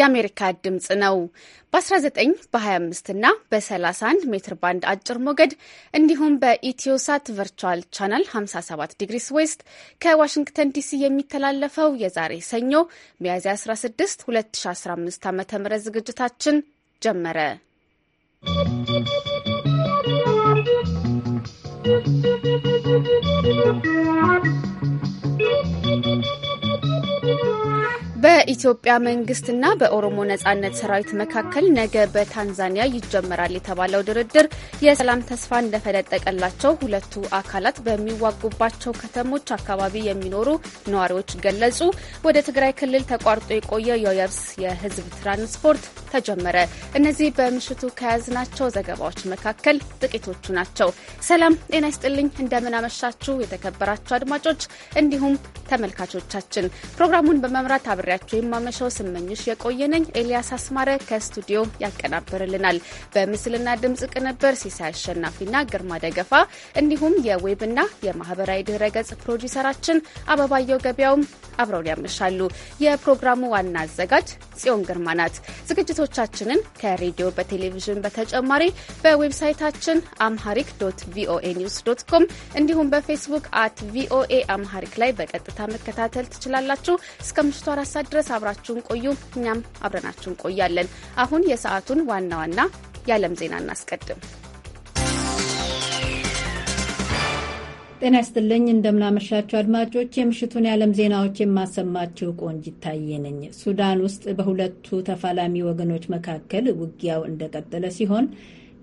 የአሜሪካ ድምፅ ነው። በ19 በ25 እና በ31 ሜትር ባንድ አጭር ሞገድ እንዲሁም በኢትዮሳት ቨርቹዋል ቻናል 57 ዲግሪስ ዌስት ከዋሽንግተን ዲሲ የሚተላለፈው የዛሬ ሰኞ ሚያዝያ 16 2015 ዓ ም ዝግጅታችን ጀመረ። ¶¶ በኢትዮጵያ መንግስትና በኦሮሞ ነጻነት ሰራዊት መካከል ነገ በታንዛኒያ ይጀመራል የተባለው ድርድር የሰላም ተስፋ እንደፈነጠቀላቸው ሁለቱ አካላት በሚዋጉባቸው ከተሞች አካባቢ የሚኖሩ ነዋሪዎች ገለጹ። ወደ ትግራይ ክልል ተቋርጦ የቆየ የየብስ የህዝብ ትራንስፖርት ተጀመረ። እነዚህ በምሽቱ ከያዝናቸው ዘገባዎች መካከል ጥቂቶቹ ናቸው። ሰላም ጤና ይስጥልኝ። እንደምናመሻችሁ የተከበራችሁ አድማጮች እንዲሁም ተመልካቾቻችን ፕሮግራሙን በመምራት አብሬ አብሬያችሁ የማመሻው ስመኝሽ የቆየነኝ ኤልያስ አስማረ ከስቱዲዮ ያቀናብርልናል። በምስልና ድምጽ ቅንብር ሲሳይ አሸናፊና ግርማ ደገፋ እንዲሁም የዌብና የማህበራዊ ድህረ ገጽ ፕሮዲሰራችን አበባየው ገበያውም አብረውን ያመሻሉ። የፕሮግራሙ ዋና አዘጋጅ ጽዮን ግርማ ናት። ዝግጅቶቻችንን ከሬዲዮ በቴሌቪዥን በተጨማሪ በዌብሳይታችን አምሃሪክ ዶት ቪኦኤ ኒውስ ዶት ኮም እንዲሁም በፌስቡክ አት ቪኦኤ አምሃሪክ ላይ በቀጥታ መከታተል ትችላላችሁ። እስከ ምሽቱ አራት ሰዓት ድረስ አብራችሁን ቆዩ። እኛም አብረናችሁን ቆያለን። አሁን የሰዓቱን ዋና ዋና የዓለም ዜና እናስቀድም። ጤና ይስጥልኝ እንደምናመሻችሁ አድማጮች፣ የምሽቱን የዓለም ዜናዎች የማሰማችሁ ቆንጅ ይታየ ነኝ። ሱዳን ውስጥ በሁለቱ ተፋላሚ ወገኖች መካከል ውጊያው እንደቀጠለ ሲሆን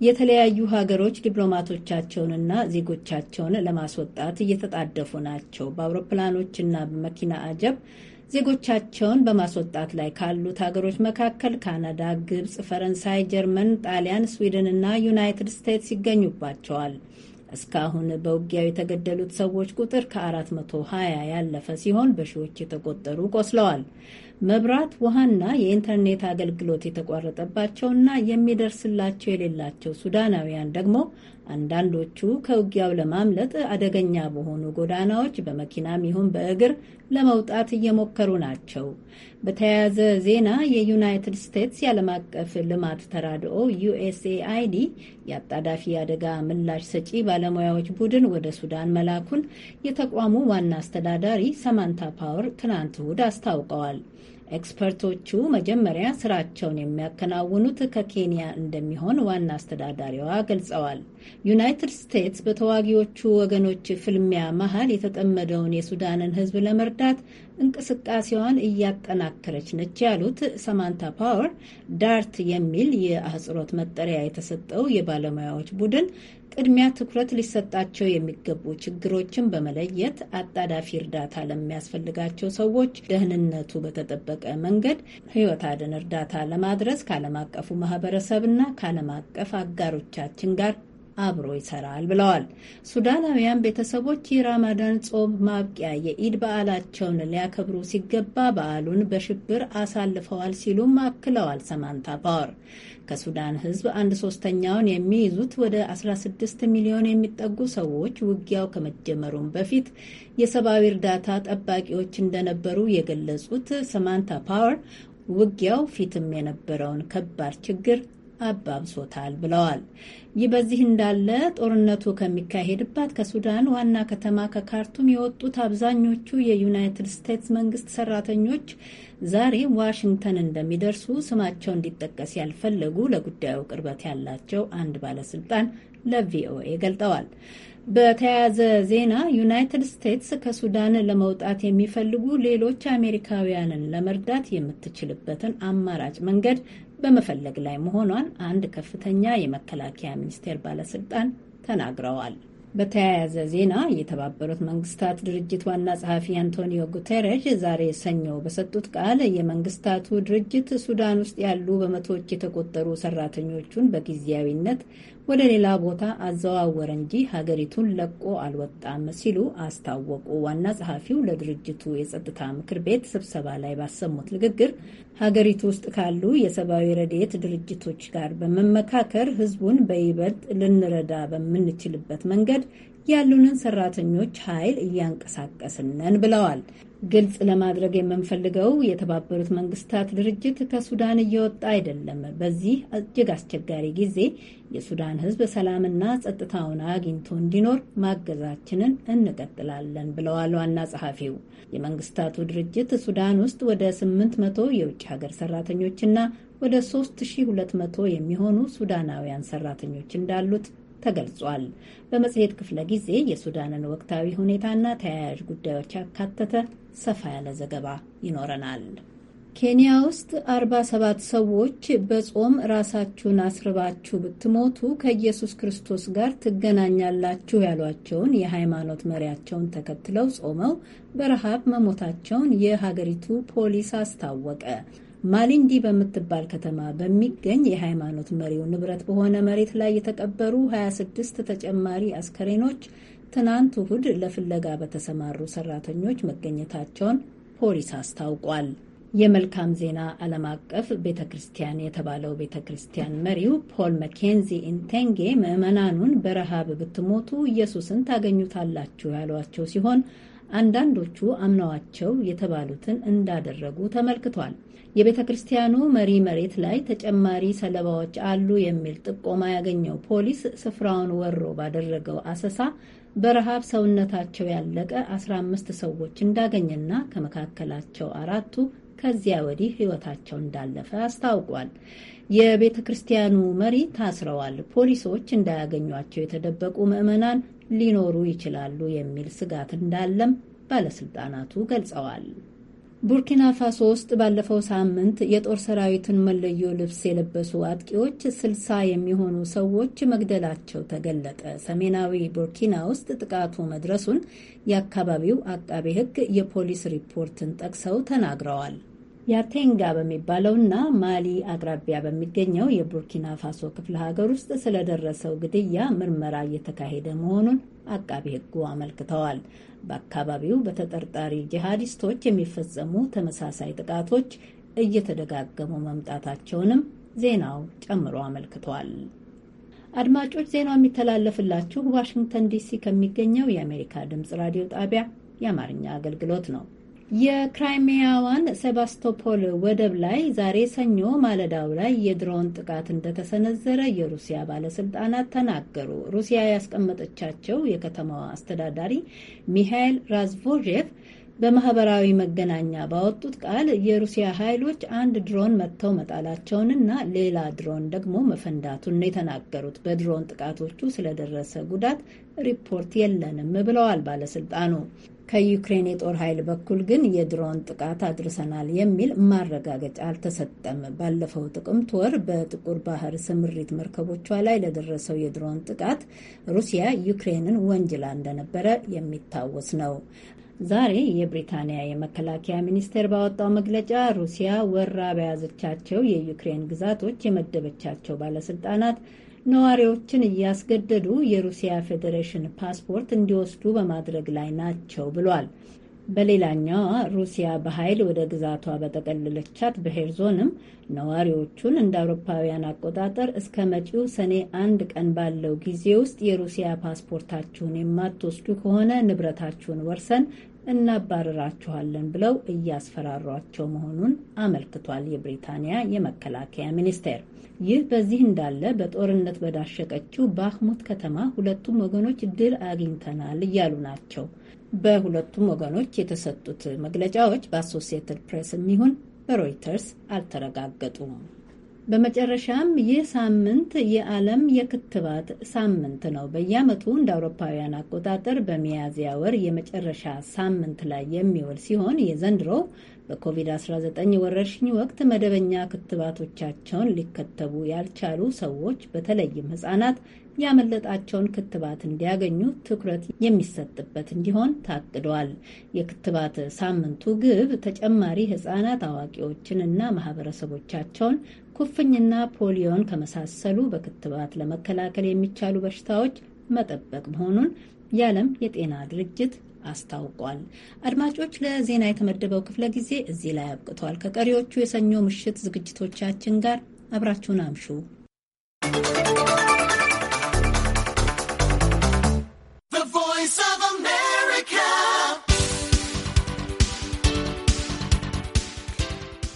የተለያዩ ሀገሮች ዲፕሎማቶቻቸውንና ዜጎቻቸውን ለማስወጣት እየተጣደፉ ናቸው። በአውሮፕላኖችና በመኪና አጀብ ዜጎቻቸውን በማስወጣት ላይ ካሉት ሀገሮች መካከል ካናዳ፣ ግብፅ፣ ፈረንሳይ፣ ጀርመን፣ ጣሊያን፣ ስዊድን እና ዩናይትድ ስቴትስ ይገኙባቸዋል። እስካሁን በውጊያው የተገደሉት ሰዎች ቁጥር ከ420 ያለፈ ሲሆን በሺዎች የተቆጠሩ ቆስለዋል። መብራት፣ ውሃና የኢንተርኔት አገልግሎት የተቋረጠባቸውና የሚደርስላቸው የሌላቸው ሱዳናውያን ደግሞ አንዳንዶቹ ከውጊያው ለማምለጥ አደገኛ በሆኑ ጎዳናዎች በመኪናም ይሁን በእግር ለመውጣት እየሞከሩ ናቸው። በተያያዘ ዜና የዩናይትድ ስቴትስ የዓለም አቀፍ ልማት ተራድኦ ዩኤስኤአይዲ የአጣዳፊ አደጋ ምላሽ ሰጪ ባለሙያዎች ቡድን ወደ ሱዳን መላኩን የተቋሙ ዋና አስተዳዳሪ ሰማንታ ፓወር ትናንት እሁድ አስታውቀዋል። ኤክስፐርቶቹ መጀመሪያ ስራቸውን የሚያከናውኑት ከኬንያ እንደሚሆን ዋና አስተዳዳሪዋ ገልጸዋል። ዩናይትድ ስቴትስ በተዋጊዎቹ ወገኖች ፍልሚያ መሀል የተጠመደውን የሱዳንን ሕዝብ ለመርዳት እንቅስቃሴዋን እያጠናከረች ነች ያሉት ሰማንታ ፓወር ዳርት የሚል የአህጽሮት መጠሪያ የተሰጠው የባለሙያዎች ቡድን ቅድሚያ ትኩረት ሊሰጣቸው የሚገቡ ችግሮችን በመለየት አጣዳፊ እርዳታ ለሚያስፈልጋቸው ሰዎች ደህንነቱ በተጠበቀ መንገድ ሕይወት አድን እርዳታ ለማድረስ ከዓለም አቀፉ ማህበረሰብና ከዓለም አቀፍ አጋሮቻችን ጋር አብሮ ይሰራል ብለዋል። ሱዳናውያን ቤተሰቦች የራማዳን ጾም ማብቂያ የኢድ በዓላቸውን ሊያከብሩ ሲገባ በዓሉን በሽብር አሳልፈዋል ሲሉም አክለዋል። ሰማንታ ፓወር ከሱዳን ሕዝብ አንድ ሶስተኛውን የሚይዙት ወደ 16 ሚሊዮን የሚጠጉ ሰዎች ውጊያው ከመጀመሩም በፊት የሰብአዊ እርዳታ ጠባቂዎች እንደነበሩ የገለጹት ሰማንታ ፓወር ውጊያው ፊትም የነበረውን ከባድ ችግር አባብሶታል ብለዋል። ይህ በዚህ እንዳለ ጦርነቱ ከሚካሄድባት ከሱዳን ዋና ከተማ ከካርቱም የወጡት አብዛኞቹ የዩናይትድ ስቴትስ መንግስት ሰራተኞች ዛሬ ዋሽንግተን እንደሚደርሱ ስማቸው እንዲጠቀስ ያልፈለጉ ለጉዳዩ ቅርበት ያላቸው አንድ ባለስልጣን ለቪኦኤ ገልጠዋል። በተያያዘ ዜና ዩናይትድ ስቴትስ ከሱዳን ለመውጣት የሚፈልጉ ሌሎች አሜሪካውያንን ለመርዳት የምትችልበትን አማራጭ መንገድ በመፈለግ ላይ መሆኗን አንድ ከፍተኛ የመከላከያ ሚኒስቴር ባለስልጣን ተናግረዋል። በተያያዘ ዜና የተባበሩት መንግስታት ድርጅት ዋና ጸሐፊ አንቶኒዮ ጉቴሬሽ ዛሬ ሰኞ በሰጡት ቃል የመንግስታቱ ድርጅት ሱዳን ውስጥ ያሉ በመቶዎች የተቆጠሩ ሰራተኞቹን በጊዜያዊነት ወደ ሌላ ቦታ አዘዋወረ እንጂ ሀገሪቱን ለቆ አልወጣም ሲሉ አስታወቁ። ዋና ጸሐፊው ለድርጅቱ የጸጥታ ምክር ቤት ስብሰባ ላይ ባሰሙት ንግግር ሀገሪቱ ውስጥ ካሉ የሰብአዊ ረድኤት ድርጅቶች ጋር በመመካከር ህዝቡን በይበልጥ ልንረዳ በምንችልበት መንገድ ያሉንን ሰራተኞች ኃይል እያንቀሳቀስነን ብለዋል። ግልጽ ለማድረግ የምንፈልገው የተባበሩት መንግስታት ድርጅት ከሱዳን እየወጣ አይደለም። በዚህ እጅግ አስቸጋሪ ጊዜ የሱዳን ሕዝብ ሰላምና ጸጥታውን አግኝቶ እንዲኖር ማገዛችንን እንቀጥላለን ብለዋል ዋና ጸሐፊው። የመንግስታቱ ድርጅት ሱዳን ውስጥ ወደ 800 የውጭ ሀገር ሰራተኞችና ወደ 3200 የሚሆኑ ሱዳናውያን ሰራተኞች እንዳሉት ተገልጿል። በመጽሔት ክፍለ ጊዜ የሱዳንን ወቅታዊ ሁኔታና ተያያዥ ጉዳዮች ያካተተ ሰፋ ያለ ዘገባ ይኖረናል። ኬንያ ውስጥ ሰባት ሰዎች በጾም ራሳችሁን አስርባችሁ ብትሞቱ ከኢየሱስ ክርስቶስ ጋር ትገናኛላችሁ ያሏቸውን የሃይማኖት መሪያቸውን ተከትለው ጾመው በረሃብ መሞታቸውን የሀገሪቱ ፖሊስ አስታወቀ። ማሊንዲ በምትባል ከተማ በሚገኝ የሃይማኖት መሪው ንብረት በሆነ መሬት ላይ የተቀበሩ 26 ተጨማሪ አስከሬኖች ትናንት እሁድ ለፍለጋ በተሰማሩ ሰራተኞች መገኘታቸውን ፖሊስ አስታውቋል። የመልካም ዜና ዓለም አቀፍ ቤተ ክርስቲያን የተባለው ቤተ ክርስቲያን መሪው ፖል መኬንዚ ኢንቴንጌ ምዕመናኑን በረሃብ ብትሞቱ ኢየሱስን ታገኙታላችሁ ያሏቸው ሲሆን አንዳንዶቹ አምነዋቸው የተባሉትን እንዳደረጉ ተመልክቷል። የቤተ ክርስቲያኑ መሪ መሬት ላይ ተጨማሪ ሰለባዎች አሉ የሚል ጥቆማ ያገኘው ፖሊስ ስፍራውን ወሮ ባደረገው አሰሳ በረሃብ ሰውነታቸው ያለቀ 15 ሰዎች እንዳገኘና ከመካከላቸው አራቱ ከዚያ ወዲህ ሕይወታቸው እንዳለፈ አስታውቋል። የቤተ ክርስቲያኑ መሪ ታስረዋል። ፖሊሶች እንዳያገኟቸው የተደበቁ ምዕመናን ሊኖሩ ይችላሉ የሚል ስጋት እንዳለም ባለስልጣናቱ ገልጸዋል። ቡርኪና ፋሶ ውስጥ ባለፈው ሳምንት የጦር ሰራዊትን መለዮ ልብስ የለበሱ አጥቂዎች ስልሳ የሚሆኑ ሰዎች መግደላቸው ተገለጠ። ሰሜናዊ ቡርኪና ውስጥ ጥቃቱ መድረሱን የአካባቢው አቃቤ ሕግ የፖሊስ ሪፖርትን ጠቅሰው ተናግረዋል። ያቴንጋ በሚባለውና ማሊ አቅራቢያ በሚገኘው የቡርኪና ፋሶ ክፍለ ሀገር ውስጥ ስለደረሰው ግድያ ምርመራ እየተካሄደ መሆኑን አቃቢ ሕጉ አመልክተዋል። በአካባቢው በተጠርጣሪ ጂሃዲስቶች የሚፈጸሙ ተመሳሳይ ጥቃቶች እየተደጋገሙ መምጣታቸውንም ዜናው ጨምሮ አመልክቷል። አድማጮች፣ ዜናው የሚተላለፍላችሁ ዋሽንግተን ዲሲ ከሚገኘው የአሜሪካ ድምፅ ራዲዮ ጣቢያ የአማርኛ አገልግሎት ነው። የክራይሚያዋን ሴባስቶፖል ወደብ ላይ ዛሬ ሰኞ ማለዳው ላይ የድሮን ጥቃት እንደተሰነዘረ የሩሲያ ባለስልጣናት ተናገሩ። ሩሲያ ያስቀመጠቻቸው የከተማዋ አስተዳዳሪ ሚሃይል ራዝቮዤቭ በማህበራዊ መገናኛ ባወጡት ቃል የሩሲያ ኃይሎች አንድ ድሮን መጥተው መጣላቸውንና ሌላ ድሮን ደግሞ መፈንዳቱን ነው የተናገሩት። በድሮን ጥቃቶቹ ስለደረሰ ጉዳት ሪፖርት የለንም ብለዋል ባለስልጣኑ። ከዩክሬን የጦር ኃይል በኩል ግን የድሮን ጥቃት አድርሰናል የሚል ማረጋገጫ አልተሰጠም። ባለፈው ጥቅምት ወር በጥቁር ባህር ስምሪት መርከቦቿ ላይ ለደረሰው የድሮን ጥቃት ሩሲያ ዩክሬንን ወንጅላ እንደነበረ የሚታወስ ነው። ዛሬ የብሪታንያ የመከላከያ ሚኒስቴር ባወጣው መግለጫ ሩሲያ ወራ በያዘቻቸው የዩክሬን ግዛቶች የመደበቻቸው ባለስልጣናት ነዋሪዎችን እያስገደዱ የሩሲያ ፌዴሬሽን ፓስፖርት እንዲወስዱ በማድረግ ላይ ናቸው ብሏል። በሌላኛዋ ሩሲያ በኃይል ወደ ግዛቷ በጠቀለለቻት በሄርዞንም ነዋሪዎቹን እንደ አውሮፓውያን አቆጣጠር እስከ መጪው ሰኔ አንድ ቀን ባለው ጊዜ ውስጥ የሩሲያ ፓስፖርታችሁን የማትወስዱ ከሆነ ንብረታችሁን ወርሰን እናባረራችኋለን ብለው እያስፈራሯቸው መሆኑን አመልክቷል የብሪታንያ የመከላከያ ሚኒስቴር። ይህ በዚህ እንዳለ በጦርነት በዳሸቀችው ባህሙት ከተማ ሁለቱም ወገኖች ድል አግኝተናል እያሉ ናቸው። በሁለቱም ወገኖች የተሰጡት መግለጫዎች በአሶሲየትድ ፕሬስ የሚሆን በሮይተርስ አልተረጋገጡም። በመጨረሻም ይህ ሳምንት የዓለም የክትባት ሳምንት ነው። በየዓመቱ እንደ አውሮፓውያን አቆጣጠር በሚያዝያ ወር የመጨረሻ ሳምንት ላይ የሚውል ሲሆን የዘንድሮው በኮቪድ-19 ወረርሽኝ ወቅት መደበኛ ክትባቶቻቸውን ሊከተቡ ያልቻሉ ሰዎች በተለይም ሕጻናት ያመለጣቸውን ክትባት እንዲያገኙ ትኩረት የሚሰጥበት እንዲሆን ታቅዷል። የክትባት ሳምንቱ ግብ ተጨማሪ ሕጻናት አዋቂዎችን እና ማህበረሰቦቻቸውን ኩፍኝና ፖሊዮን ከመሳሰሉ በክትባት ለመከላከል የሚቻሉ በሽታዎች መጠበቅ መሆኑን የዓለም የጤና ድርጅት አስታውቋል። አድማጮች፣ ለዜና የተመደበው ክፍለ ጊዜ እዚህ ላይ አብቅቷል። ከቀሪዎቹ የሰኞ ምሽት ዝግጅቶቻችን ጋር አብራችሁን አምሹ።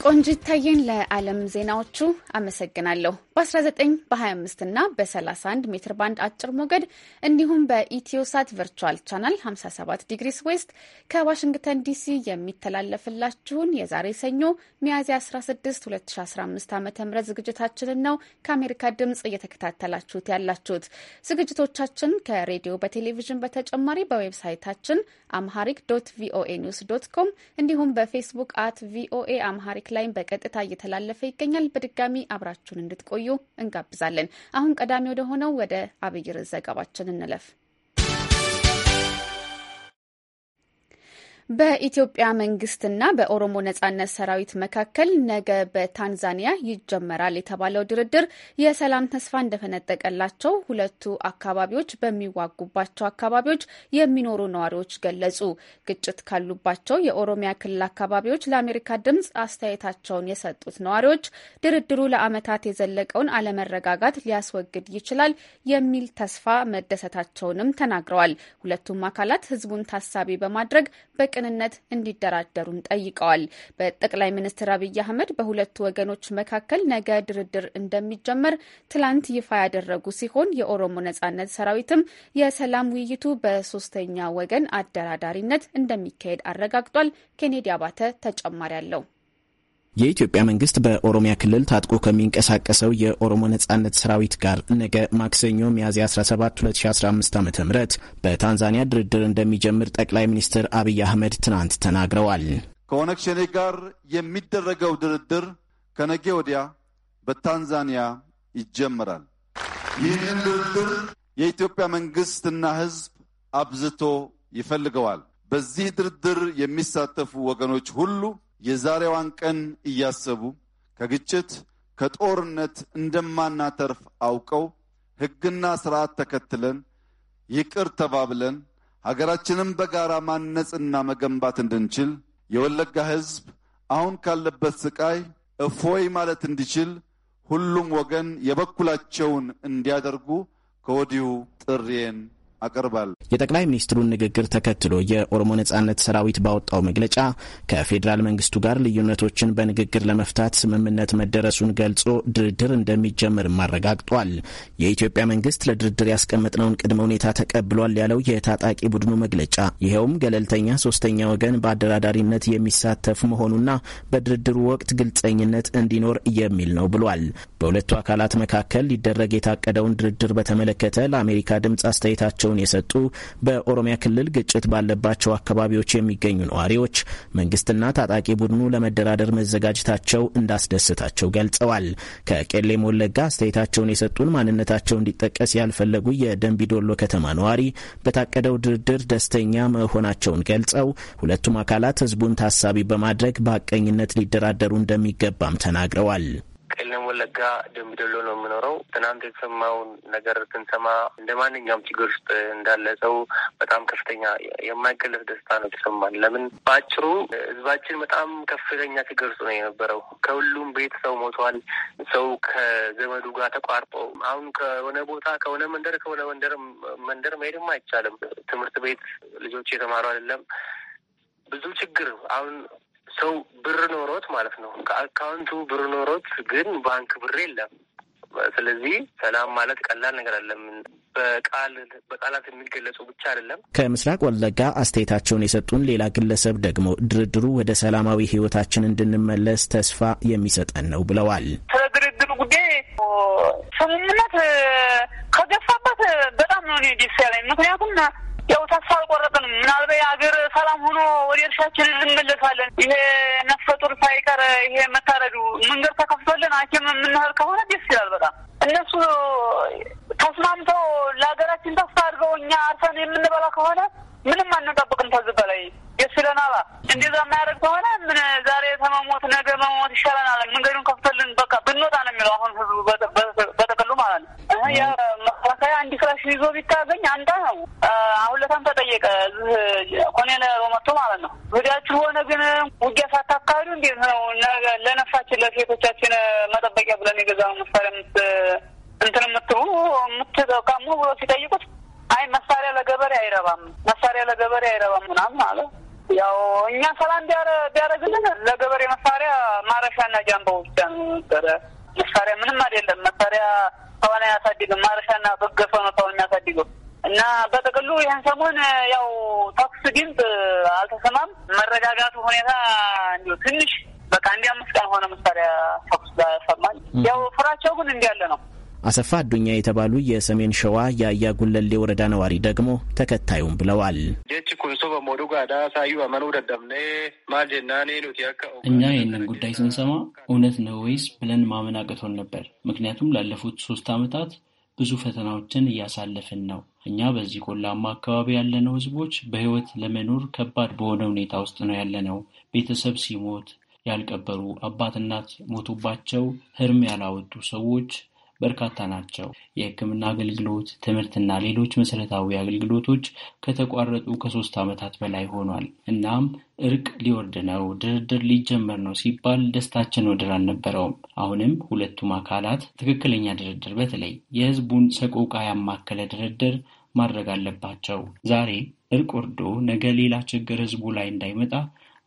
ቆንጂ ታየን ለዓለም ዜናዎቹ አመሰግናለሁ። በ19 በ25 እና በ31 ሜትር ባንድ አጭር ሞገድ እንዲሁም በኢትዮሳት ቨርቹዋል ቻናል 57 ዲግሪስ ዌስት ከዋሽንግተን ዲሲ የሚተላለፍላችሁን የዛሬ ሰኞ ሚያዝያ 16 2015 ዓ ም ዝግጅታችንን ነው ከአሜሪካ ድምፅ እየተከታተላችሁት ያላችሁት። ዝግጅቶቻችን ከሬዲዮ በቴሌቪዥን በተጨማሪ በዌብሳይታችን አምሃሪክ ዶት ቪኦኤ ኒውስ ዶት ኮም እንዲሁም በፌስቡክ አት ቪኦኤ አምሃሪክ ላይም በቀጥታ እየተላለፈ ይገኛል። በድጋሚ አብራችሁን እንድትቆዩ እንጋብዛለን። አሁን ቀዳሚ ወደ ሆነው ወደ አብይ ርዕስ ዘገባችን እንለፍ። በኢትዮጵያ መንግስትና በኦሮሞ ነጻነት ሰራዊት መካከል ነገ በታንዛኒያ ይጀመራል የተባለው ድርድር የሰላም ተስፋ እንደፈነጠቀላቸው ሁለቱ አካባቢዎች በሚዋጉባቸው አካባቢዎች የሚኖሩ ነዋሪዎች ገለጹ። ግጭት ካሉባቸው የኦሮሚያ ክልል አካባቢዎች ለአሜሪካ ድምጽ አስተያየታቸውን የሰጡት ነዋሪዎች ድርድሩ ለዓመታት የዘለቀውን አለመረጋጋት ሊያስወግድ ይችላል የሚል ተስፋ መደሰታቸውንም ተናግረዋል። ሁለቱም አካላት ህዝቡን ታሳቢ በማድረግ በቅ በቅንነት እንዲደራደሩም ጠይቀዋል። በጠቅላይ ሚኒስትር አብይ አህመድ በሁለቱ ወገኖች መካከል ነገ ድርድር እንደሚጀመር ትላንት ይፋ ያደረጉ ሲሆን የኦሮሞ ነጻነት ሰራዊትም የሰላም ውይይቱ በሶስተኛ ወገን አደራዳሪነት እንደሚካሄድ አረጋግጧል። ኬኔዲ አባተ ተጨማሪ አለው። የኢትዮጵያ መንግስት በኦሮሚያ ክልል ታጥቆ ከሚንቀሳቀሰው የኦሮሞ ነጻነት ሰራዊት ጋር ነገ ማክሰኞ ሚያዝያ 17 2015 ዓ ም በታንዛኒያ ድርድር እንደሚጀምር ጠቅላይ ሚኒስትር አብይ አህመድ ትናንት ተናግረዋል። ከኦነግ ሸኔ ጋር የሚደረገው ድርድር ከነገ ወዲያ በታንዛኒያ ይጀምራል። ይህንን ድርድር የኢትዮጵያ መንግስትና ህዝብ አብዝቶ ይፈልገዋል። በዚህ ድርድር የሚሳተፉ ወገኖች ሁሉ የዛሬዋን ቀን እያሰቡ ከግጭት ከጦርነት እንደማናተርፍ አውቀው ሕግና ስርዓት ተከትለን ይቅር ተባብለን ሀገራችንን በጋራ ማነጽና መገንባት እንድንችል የወለጋ ሕዝብ አሁን ካለበት ስቃይ እፎይ ማለት እንዲችል ሁሉም ወገን የበኩላቸውን እንዲያደርጉ ከወዲሁ ጥሪዬን አቅርባል። የጠቅላይ ሚኒስትሩን ንግግር ተከትሎ የኦሮሞ ነጻነት ሰራዊት ባወጣው መግለጫ ከፌዴራል መንግስቱ ጋር ልዩነቶችን በንግግር ለመፍታት ስምምነት መደረሱን ገልጾ ድርድር እንደሚጀምርም አረጋግጧል። የኢትዮጵያ መንግስት ለድርድር ያስቀመጥነውን ቅድመ ሁኔታ ተቀብሏል ያለው የታጣቂ ቡድኑ መግለጫ ይኸውም ገለልተኛ ሶስተኛ ወገን በአደራዳሪነት የሚሳተፍ መሆኑና በድርድሩ ወቅት ግልጸኝነት እንዲኖር የሚል ነው ብሏል። በሁለቱ አካላት መካከል ሊደረግ የታቀደውን ድርድር በተመለከተ ለአሜሪካ ድምፅ አስተያየታቸው አስተያየታቸውን የሰጡ በኦሮሚያ ክልል ግጭት ባለባቸው አካባቢዎች የሚገኙ ነዋሪዎች መንግስትና ታጣቂ ቡድኑ ለመደራደር መዘጋጀታቸው እንዳስደሰታቸው ገልጸዋል። ከቄሌም ወለጋ አስተያየታቸውን የሰጡን ማንነታቸው እንዲጠቀስ ያልፈለጉ የደንቢዶሎ ከተማ ነዋሪ በታቀደው ድርድር ደስተኛ መሆናቸውን ገልጸው ሁለቱም አካላት ህዝቡን ታሳቢ በማድረግ በሐቀኝነት ሊደራደሩ እንደሚገባም ተናግረዋል። ቄለም ወለጋ ደምቢዶሎ ነው የምኖረው። ትናንት የተሰማውን ነገር ስንሰማ እንደ ማንኛውም ችግር ውስጥ እንዳለ ሰው በጣም ከፍተኛ የማይገለጽ ደስታ ነው የተሰማን። ለምን በአጭሩ ህዝባችን በጣም ከፍተኛ ችግር ውስጥ ነው የነበረው። ከሁሉም ቤት ሰው ሞቷል። ሰው ከዘመዱ ጋር ተቋርጦ አሁን ከሆነ ቦታ ከሆነ መንደር ከሆነ መንደር መንደር መሄድም አይቻልም። ትምህርት ቤት ልጆች የተማሩ አይደለም። ብዙ ችግር አሁን ሰው ብር ኖሮት ማለት ነው ከአካውንቱ ብር ኖሮት ግን ባንክ ብር የለም። ስለዚህ ሰላም ማለት ቀላል ነገር አለም በቃል በቃላት የሚገለጹ ብቻ አይደለም። ከምስራቅ ወለጋ አስተያየታቸውን የሰጡን ሌላ ግለሰብ ደግሞ ድርድሩ ወደ ሰላማዊ ሕይወታችን እንድንመለስ ተስፋ የሚሰጠን ነው ብለዋል። ስለ ድርድሩ ጉዳይ ስምምነት ከገፋበት በጣም ነው ደስ ያለኝ ምክንያቱም ያው ተስፋ አልቆረጥንም። ምናልባት አገር ሰላም ሆኖ ወደ እርሻችን እንመለሳለን። ይሄ ነፍሰ ጡር ሳይቀር ይሄ መታረዱ መንገድ ተከፍቶልን ሐኪም የምንህል ከሆነ ደስ ይላል በጣም እነሱ ተስማምተው ለሀገራችን ተስፋ አድርገው እኛ አርሰን የምንበላ ከሆነ ምንም አንጠብቅም። ተዚህ በላይ ደስ ይለናል። እንደዛ የማያደርግ ከሆነ ምን ዛሬ ተመሞት ነገ መሞት ይሻለናል። መንገዱን ከፍቶልን በቃ ብንወጣ ነው የሚለው አሁን ህዝቡ በጠቅሉ ማለት ነው። መከላከያ አንድ ክላሽ ይዞ ቢታገኝ አንዳ ነው። አሁን ለታም ተጠየቀ ኮኔነሮ መጥቶ ማለት ነው ወዲያችሁ ሆነ ግን ውጊያ ሳታካሂዱ እንዴት ነው ለነፍሳችን ለሴቶቻችን መጠበቂያ ብለን የገዛነው መሳሪያ እንትን የምትሉ የምትጠቀሙ ብሎ ሲጠይቁት አይ መሳሪያ ለገበሬ አይረባም፣ መሳሪያ ለገበሬ አይረባም ምናምን ማለት ያው እኛ ሰላም ቢያረግልን ለገበሬ መሳሪያ ማረሻና ብቻ ነው ነበረ መሳሪያ ምንም አይደለም። መሳሪያ ሰውን አያሳድግም። ማረሻና በገፈ ነው ሰውን የሚያሳድገው እና በጥቅሉ ይህን ሰሞን ያው ተኩስ ድምፅ አልተሰማም። መረጋጋቱ ሁኔታ እንዲሁ ትንሽ በቃ እንዲ አምስት ቀን ሆነ መሳሪያ ተኩስ ሰማል። ያው ፍራቸው ግን እንዲያለ ነው አሰፋ አዱኛ የተባሉ የሰሜን ሸዋ የአያ ጉለሌ ወረዳ ነዋሪ ደግሞ ተከታዩም ብለዋል። እኛ ይህንን ጉዳይ ስንሰማ እውነት ነው ወይስ ብለን ማመን አቅቶን ነበር። ምክንያቱም ላለፉት ሶስት ዓመታት ብዙ ፈተናዎችን እያሳለፍን ነው። እኛ በዚህ ቆላማ አካባቢ ያለነው ህዝቦች በህይወት ለመኖር ከባድ በሆነ ሁኔታ ውስጥ ነው ያለነው። ቤተሰብ ሲሞት ያልቀበሩ አባት እናት ሞቶባቸው ህርም ያላወጡ ሰዎች በርካታ ናቸው። የሕክምና አገልግሎት፣ ትምህርትና ሌሎች መሰረታዊ አገልግሎቶች ከተቋረጡ ከሶስት ዓመታት በላይ ሆኗል። እናም እርቅ ሊወርድ ነው፣ ድርድር ሊጀመር ነው ሲባል ደስታችን ወደር አልነበረውም። አሁንም ሁለቱም አካላት ትክክለኛ ድርድር፣ በተለይ የህዝቡን ሰቆቃ ያማከለ ድርድር ማድረግ አለባቸው። ዛሬ እርቅ ወርዶ ነገ ሌላ ችግር ህዝቡ ላይ እንዳይመጣ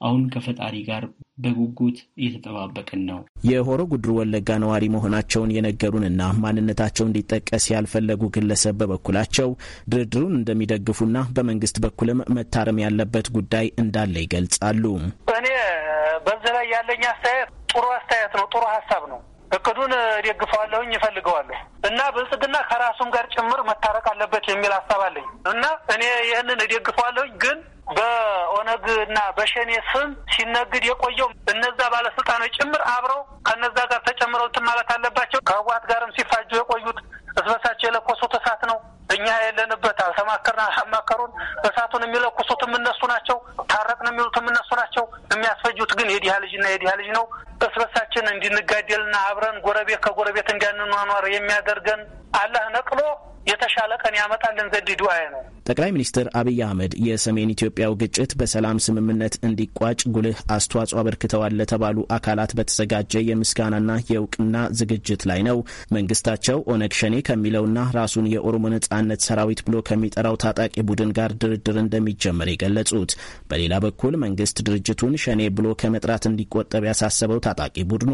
አሁን ከፈጣሪ ጋር በጉጉት እየተጠባበቅን ነው። የሆሮ ጉድሩ ወለጋ ነዋሪ መሆናቸውን የነገሩንና ማንነታቸው እንዲጠቀስ ያልፈለጉ ግለሰብ በበኩላቸው ድርድሩን እንደሚደግፉና በመንግስት በኩልም መታረም ያለበት ጉዳይ እንዳለ ይገልጻሉ። እኔ በዚህ ላይ ያለኝ አስተያየት ጥሩ አስተያየት ነው፣ ጥሩ ሀሳብ ነው። እቅዱን ደግፈዋለሁኝ እፈልገዋለሁ እና ብልጽግና ከራሱም ጋር ጭምር መታረቅ አለበት የሚል ሀሳብ አለኝ እና እኔ ይህንን ደግፈዋለሁኝ ግን በ በነግ እና በሸኔ ስም ሲነግድ የቆየው እነዛ ባለስልጣኖች ጭምር አብረው ከነዛ ጋር ተጨምረው ማለት አለባቸው። ከህወሀት ጋርም ሲፋጁ የቆዩት እስበሳቸው የለኮሱት እሳት ነው። እኛ የለንበት አልተማከርን፣ አልተማከሩን። እሳቱን የሚለኩሱትም እነሱ ናቸው። ታረቅን የሚሉትም እነሱ ናቸው። የሚያስፈጁት ግን ልጅ ልጅና የድሃ ልጅ ነው። እስበሳችን እንዲንጋደልና አብረን ጎረቤት ከጎረቤት እንዳንኗኗር የሚያደርገን አላህ ነቅሎ የተሻለ ቀን ያመጣልን ዘንድ ዱዓዬ ነው። ጠቅላይ ሚኒስትር አብይ አህመድ የሰሜን ኢትዮጵያው ግጭት በሰላም ስምምነት እንዲቋጭ ጉልህ አስተዋጽኦ አበርክተዋል ለተባሉ አካላት በተዘጋጀ የምስጋናና የእውቅና ዝግጅት ላይ ነው መንግስታቸው ኦነግ ሸኔ ከሚለውና ራሱን የኦሮሞ ነጻነት ሰራዊት ብሎ ከሚጠራው ታጣቂ ቡድን ጋር ድርድር እንደሚጀመር የገለጹት። በሌላ በኩል መንግስት ድርጅቱን ሸኔ ብሎ ከመጥራት እንዲቆጠብ ያሳሰበው ታጣቂ ቡድኑ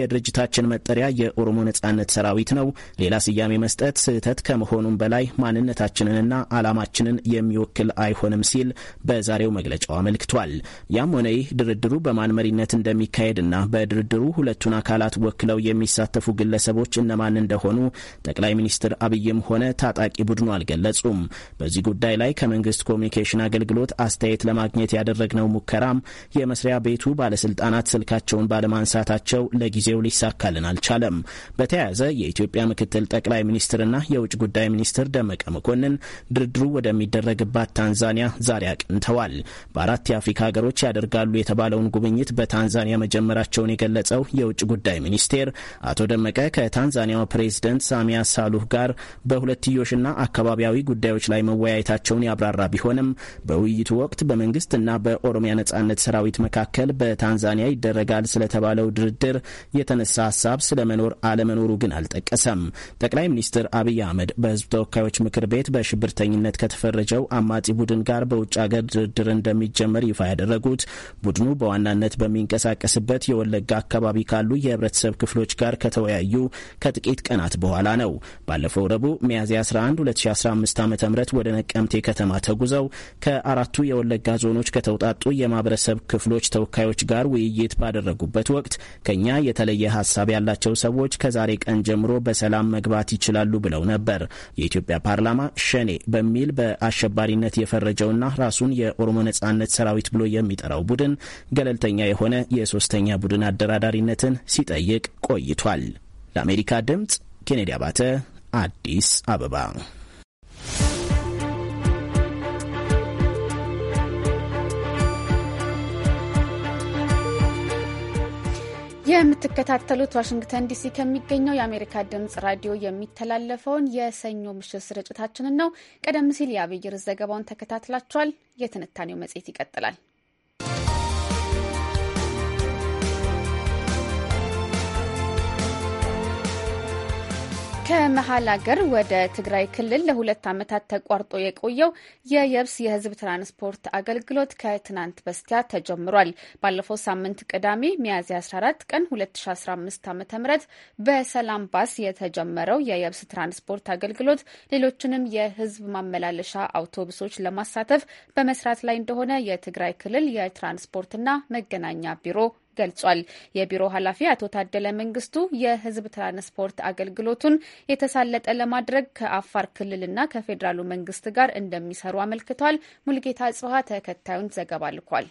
የድርጅታችን መጠሪያ የኦሮሞ ነጻነት ሰራዊት ነው፣ ሌላ ስያሜ መስጠት ስህተት ከመሆ ከመሆኑም በላይ ማንነታችንንና ዓላማችንን የሚወክል አይሆንም ሲል በዛሬው መግለጫው አመልክቷል። ያም ሆነ ይህ ድርድሩ በማን መሪነት እንደሚካሄድና በድርድሩ ሁለቱን አካላት ወክለው የሚሳተፉ ግለሰቦች እነማን እንደሆኑ ጠቅላይ ሚኒስትር አብይም ሆነ ታጣቂ ቡድኑ አልገለጹም። በዚህ ጉዳይ ላይ ከመንግስት ኮሚኒኬሽን አገልግሎት አስተያየት ለማግኘት ያደረግነው ሙከራም የመስሪያ ቤቱ ባለስልጣናት ስልካቸውን ባለማንሳታቸው ለጊዜው ሊሳካልን አልቻለም። በተያያዘ የኢትዮጵያ ምክትል ጠቅላይ ሚኒስትርና የውጭ ጉዳይ ጉዳይ ሚኒስትር ደመቀ መኮንን ድርድሩ ወደሚደረግባት ታንዛኒያ ዛሬ አቅንተዋል። በአራት የአፍሪካ ሀገሮች ያደርጋሉ የተባለውን ጉብኝት በታንዛኒያ መጀመራቸውን የገለጸው የውጭ ጉዳይ ሚኒስቴር አቶ ደመቀ ከታንዛኒያው ፕሬዝደንት ሳሚያ ሳሉህ ጋር በሁለትዮሽና አካባቢያዊ ጉዳዮች ላይ መወያየታቸውን ያብራራ ቢሆንም በውይይቱ ወቅት በመንግስትና በኦሮሚያ ነጻነት ሰራዊት መካከል በታንዛኒያ ይደረጋል ስለተባለው ድርድር የተነሳ ሀሳብ ስለመኖር አለመኖሩ ግን አልጠቀሰም። ጠቅላይ ሚኒስትር አብይ አህመድ በ በህዝብ ተወካዮች ምክር ቤት በሽብርተኝነት ከተፈረጀው አማጺ ቡድን ጋር በውጭ ሀገር ድርድር እንደሚጀመር ይፋ ያደረጉት ቡድኑ በዋናነት በሚንቀሳቀስበት የወለጋ አካባቢ ካሉ የህብረተሰብ ክፍሎች ጋር ከተወያዩ ከጥቂት ቀናት በኋላ ነው። ባለፈው ረቡዕ ሚያዝያ 11 2015 ዓ ም ወደ ነቀምቴ ከተማ ተጉዘው ከአራቱ የወለጋ ዞኖች ከተውጣጡ የማህበረሰብ ክፍሎች ተወካዮች ጋር ውይይት ባደረጉበት ወቅት ከኛ የተለየ ሀሳብ ያላቸው ሰዎች ከዛሬ ቀን ጀምሮ በሰላም መግባት ይችላሉ ብለው ነበር። የኢትዮጵያ ፓርላማ ሸኔ በሚል በአሸባሪነት የፈረጀውና ራሱን የኦሮሞ ነጻነት ሰራዊት ብሎ የሚጠራው ቡድን ገለልተኛ የሆነ የሶስተኛ ቡድን አደራዳሪነትን ሲጠይቅ ቆይቷል። ለአሜሪካ ድምፅ ኬኔዲ አባተ አዲስ አበባ የምትከታተሉት ዋሽንግተን ዲሲ ከሚገኘው የአሜሪካ ድምጽ ራዲዮ የሚተላለፈውን የሰኞ ምሽት ስርጭታችንን ነው። ቀደም ሲል የአብይር ዘገባውን ተከታትላችኋል። የትንታኔው መጽሔት ይቀጥላል። ከመሀል ሀገር ወደ ትግራይ ክልል ለሁለት ዓመታት ተቋርጦ የቆየው የየብስ የህዝብ ትራንስፖርት አገልግሎት ከትናንት በስቲያ ተጀምሯል። ባለፈው ሳምንት ቅዳሜ ሚያዝያ 14 ቀን 2015 ዓ ም በሰላም ባስ የተጀመረው የየብስ ትራንስፖርት አገልግሎት ሌሎችንም የህዝብ ማመላለሻ አውቶቡሶች ለማሳተፍ በመስራት ላይ እንደሆነ የትግራይ ክልል የትራንስፖርትና መገናኛ ቢሮ ገልጿል። የቢሮ ኃላፊ አቶ ታደለ መንግስቱ የህዝብ ትራንስፖርት አገልግሎቱን የተሳለጠ ለማድረግ ከአፋር ክልልና ከፌዴራሉ መንግስት ጋር እንደሚሰሩ አመልክቷል። ሙልጌታ ጽሀ ተከታዩን ዘገባ ልኳል።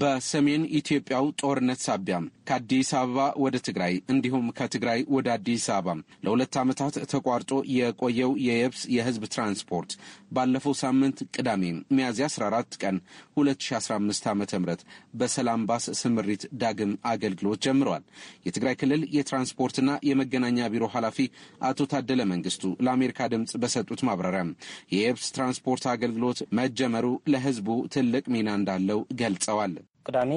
በሰሜን ኢትዮጵያው ጦርነት ሳቢያ ከአዲስ አበባ ወደ ትግራይ እንዲሁም ከትግራይ ወደ አዲስ አበባ ለሁለት ዓመታት ተቋርጦ የቆየው የየብስ የህዝብ ትራንስፖርት ባለፈው ሳምንት ቅዳሜ ሚያዝያ 14 ቀን 2015 ዓ ም በሰላም ባስ ስምሪት ዳግም አገልግሎት ጀምረዋል። የትግራይ ክልል የትራንስፖርትና የመገናኛ ቢሮ ኃላፊ አቶ ታደለ መንግስቱ ለአሜሪካ ድምፅ በሰጡት ማብራሪያ የየብስ ትራንስፖርት አገልግሎት መጀመሩ ለህዝቡ ትልቅ ሚና እንዳለው ገልጸዋል። አይደለም። ቅዳሜ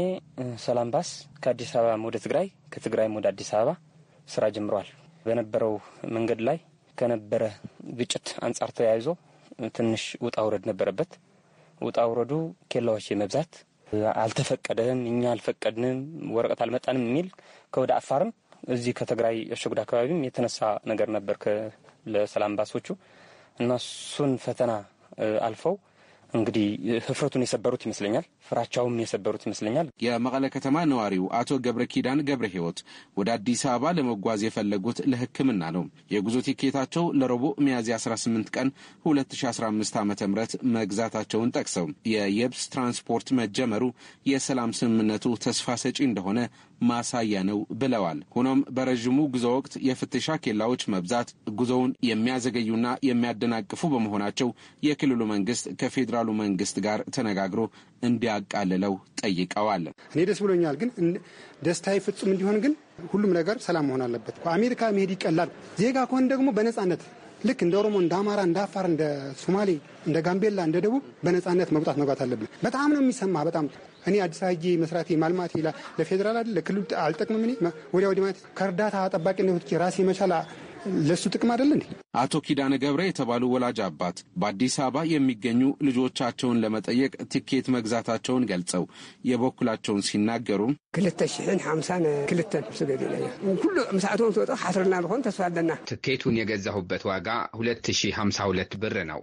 ሰላም ባስ ከአዲስ አበባ ወደ ትግራይ ከትግራይም ወደ አዲስ አበባ ስራ ጀምረዋል። በነበረው መንገድ ላይ ከነበረ ግጭት አንጻር ተያይዞ ትንሽ ውጣ ውረድ ነበረበት። ውጣ ውረዱ ኬላዎች የመብዛት አልተፈቀደም፣ እኛ አልፈቀድንም፣ ወረቀት አልመጣንም የሚል ከወደ አፋርም እዚህ ከትግራይ አሸጉድ አካባቢም የተነሳ ነገር ነበር ለሰላም ባሶቹ እና እሱን ፈተና አልፈው እንግዲህ ህፍረቱን የሰበሩት ይመስለኛል፣ ፍራቻውም የሰበሩት ይመስለኛል። የመቀለ ከተማ ነዋሪው አቶ ገብረ ኪዳን ገብረ ህይወት ወደ አዲስ አበባ ለመጓዝ የፈለጉት ለህክምና ነው። የጉዞ ቲኬታቸው ለረቡዕ ሚያዝያ 18 ቀን 2015 ዓ ም መግዛታቸውን ጠቅሰው የየብስ ትራንስፖርት መጀመሩ የሰላም ስምምነቱ ተስፋ ሰጪ እንደሆነ ማሳያ ነው ብለዋል። ሆኖም በረዥሙ ጉዞ ወቅት የፍተሻ ኬላዎች መብዛት ጉዞውን የሚያዘገዩና የሚያደናቅፉ በመሆናቸው የክልሉ መንግስት ከፌዴራሉ መንግስት ጋር ተነጋግሮ እንዲያቃልለው ጠይቀዋል። እኔ ደስ ብሎኛል፣ ግን ደስታ ፍጹም እንዲሆን ግን ሁሉም ነገር ሰላም መሆን አለበት። አሜሪካ መሄድ ይቀላል። ዜጋ ከሆን ደግሞ በነጻነት ልክ እንደ ኦሮሞ፣ እንደ አማራ፣ እንደ አፋር፣ እንደ ሶማሌ፣ እንደ ጋምቤላ፣ እንደ ደቡብ በነፃነት መውጣት መግባት አለብን። በጣም ነው የሚሰማ በጣም እኔ አዲስ አበባ መስራቴ ማልማቴ ለፌዴራል አይደል ለክልል አልጠቅምም። እኔ ወዲያ ወዲህ ማለት ከእርዳታ ጠባቂነት ራሴ መቻል ለሱ ጥቅም አይደለ እንዴ? አቶ ኪዳነ ገብረ የተባሉ ወላጅ አባት በአዲስ አበባ የሚገኙ ልጆቻቸውን ለመጠየቅ ትኬት መግዛታቸውን ገልጸው የበኩላቸውን ሲናገሩ ክልተ ሽሕን ሓምሳን ክልተን ስገዲና ኩሉ ምስዓቶም ትወጣ ሓስርና ንኾን ተስፋ ኣለና ትኬቱን የገዛሁበት ዋጋ 2052 ብር ነው።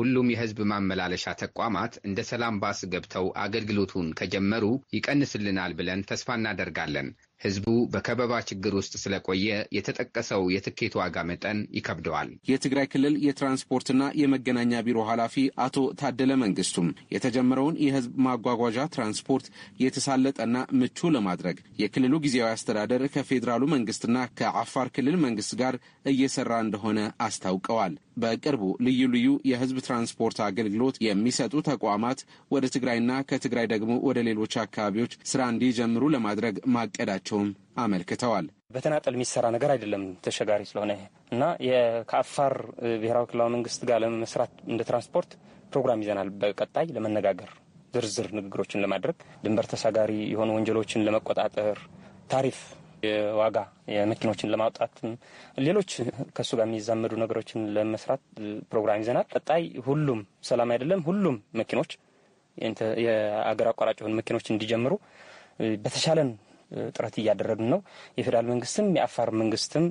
ሁሉም የህዝብ ማመላለሻ ተቋማት እንደ ሰላም ባስ ገብተው አገልግሎቱን ከጀመሩ ይቀንስልናል ብለን ተስፋ እናደርጋለን። ህዝቡ በከበባ ችግር ውስጥ ስለቆየ የተጠቀሰው የትኬት ዋጋ መጠን ይከብደዋል። የትግራይ ክልል የትራንስፖርትና የመገናኛ ቢሮ ኃላፊ አቶ ታደለ መንግስቱም የተጀመረውን የህዝብ ማጓጓዣ ትራንስፖርት የተሳለጠና ምቹ ለማድረግ የክልሉ ጊዜያዊ አስተዳደር ከፌዴራሉ መንግስትና ከአፋር ክልል መንግስት ጋር እየሰራ እንደሆነ አስታውቀዋል። በቅርቡ ልዩ ልዩ የህዝብ ትራንስፖርት አገልግሎት የሚሰጡ ተቋማት ወደ ትግራይና ከትግራይ ደግሞ ወደ ሌሎች አካባቢዎች ስራ እንዲጀምሩ ለማድረግ ማቀዳቸውም አመልክተዋል። በተናጠል የሚሰራ ነገር አይደለም። ተሸጋሪ ስለሆነ እና ከአፋር ብሔራዊ ክልላዊ መንግስት ጋር ለመስራት እንደ ትራንስፖርት ፕሮግራም ይዘናል። በቀጣይ ለመነጋገር ዝርዝር ንግግሮችን ለማድረግ ድንበር ተሻጋሪ የሆኑ ወንጀሎችን ለመቆጣጠር ታሪፍ የዋጋ የመኪኖችን ለማውጣትም ሌሎች ከእሱ ጋር የሚዛመዱ ነገሮችን ለመስራት ፕሮግራም ይዘናል። ቀጣይ ሁሉም ሰላም አይደለም ሁሉም መኪኖች የአገር አቋራጭ የሆኑ መኪኖች እንዲጀምሩ በተሻለን ጥረት እያደረግን ነው። የፌዴራል መንግስትም የአፋር መንግስትም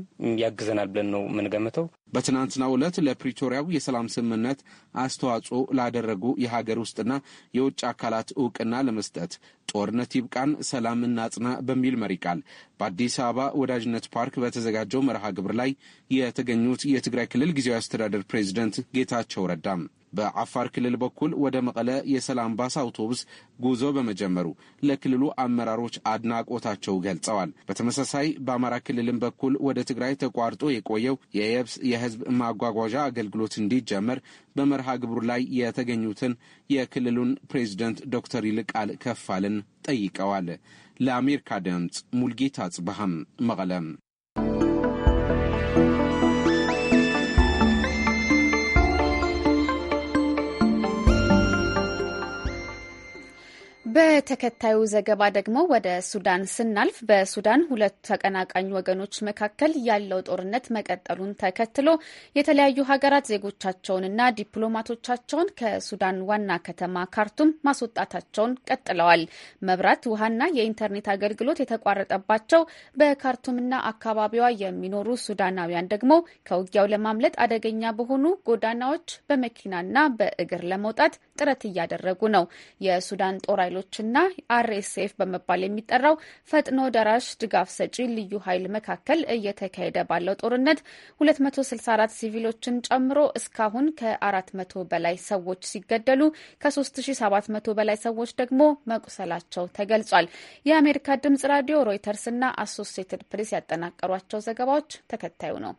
ያግዘናል ብለን ነው የምንገምተው። በትናንትናው ዕለት ለፕሪቶሪያው የሰላም ስምምነት አስተዋጽኦ ላደረጉ የሀገር ውስጥና የውጭ አካላት እውቅና ለመስጠት ጦርነት ይብቃን፣ ሰላም እናጽና በሚል መሪ ቃል በአዲስ አበባ ወዳጅነት ፓርክ በተዘጋጀው መርሃ ግብር ላይ የተገኙት የትግራይ ክልል ጊዜያዊ አስተዳደር ፕሬዚደንት ጌታቸው ረዳም በአፋር ክልል በኩል ወደ መቀለ የሰላም ባስ አውቶቡስ ጉዞ በመጀመሩ ለክልሉ አመራሮች አድናቆታቸው ገልጸዋል። በተመሳሳይ በአማራ ክልልም በኩል ወደ ትግራይ ተቋርጦ የቆየው የየብስ የህዝብ ማጓጓዣ አገልግሎት እንዲጀመር በመርሃ ግብሩ ላይ የተገኙትን የክልሉን ፕሬዚደንት ዶክተር ይልቃል ከፋልን ጠይቀዋል። ለአሜሪካ ድምፅ ሙልጌታ ጽበሃም መቀለም በተከታዩ ዘገባ ደግሞ ወደ ሱዳን ስናልፍ በሱዳን ሁለት ተቀናቃኝ ወገኖች መካከል ያለው ጦርነት መቀጠሉን ተከትሎ የተለያዩ ሀገራት ዜጎቻቸውንና ዲፕሎማቶቻቸውን ከሱዳን ዋና ከተማ ካርቱም ማስወጣታቸውን ቀጥለዋል። መብራት፣ ውሃና የኢንተርኔት አገልግሎት የተቋረጠባቸው በካርቱምና አካባቢዋ የሚኖሩ ሱዳናውያን ደግሞ ከውጊያው ለማምለጥ አደገኛ በሆኑ ጎዳናዎች በመኪናና በእግር ለመውጣት ጥረት እያደረጉ ነው። የሱዳን ጦር ኃይሎች ኃይሎችና አርኤስኤፍ በመባል የሚጠራው ፈጥኖ ደራሽ ድጋፍ ሰጪ ልዩ ኃይል መካከል እየተካሄደ ባለው ጦርነት 264 ሲቪሎችን ጨምሮ እስካሁን ከ400 በላይ ሰዎች ሲገደሉ ከ3700 በላይ ሰዎች ደግሞ መቁሰላቸው ተገልጿል። የአሜሪካ ድምጽ ራዲዮ፣ ሮይተርስና አሶሲየትድ ፕሬስ ያጠናቀሯቸው ዘገባዎች ተከታዩ ነው።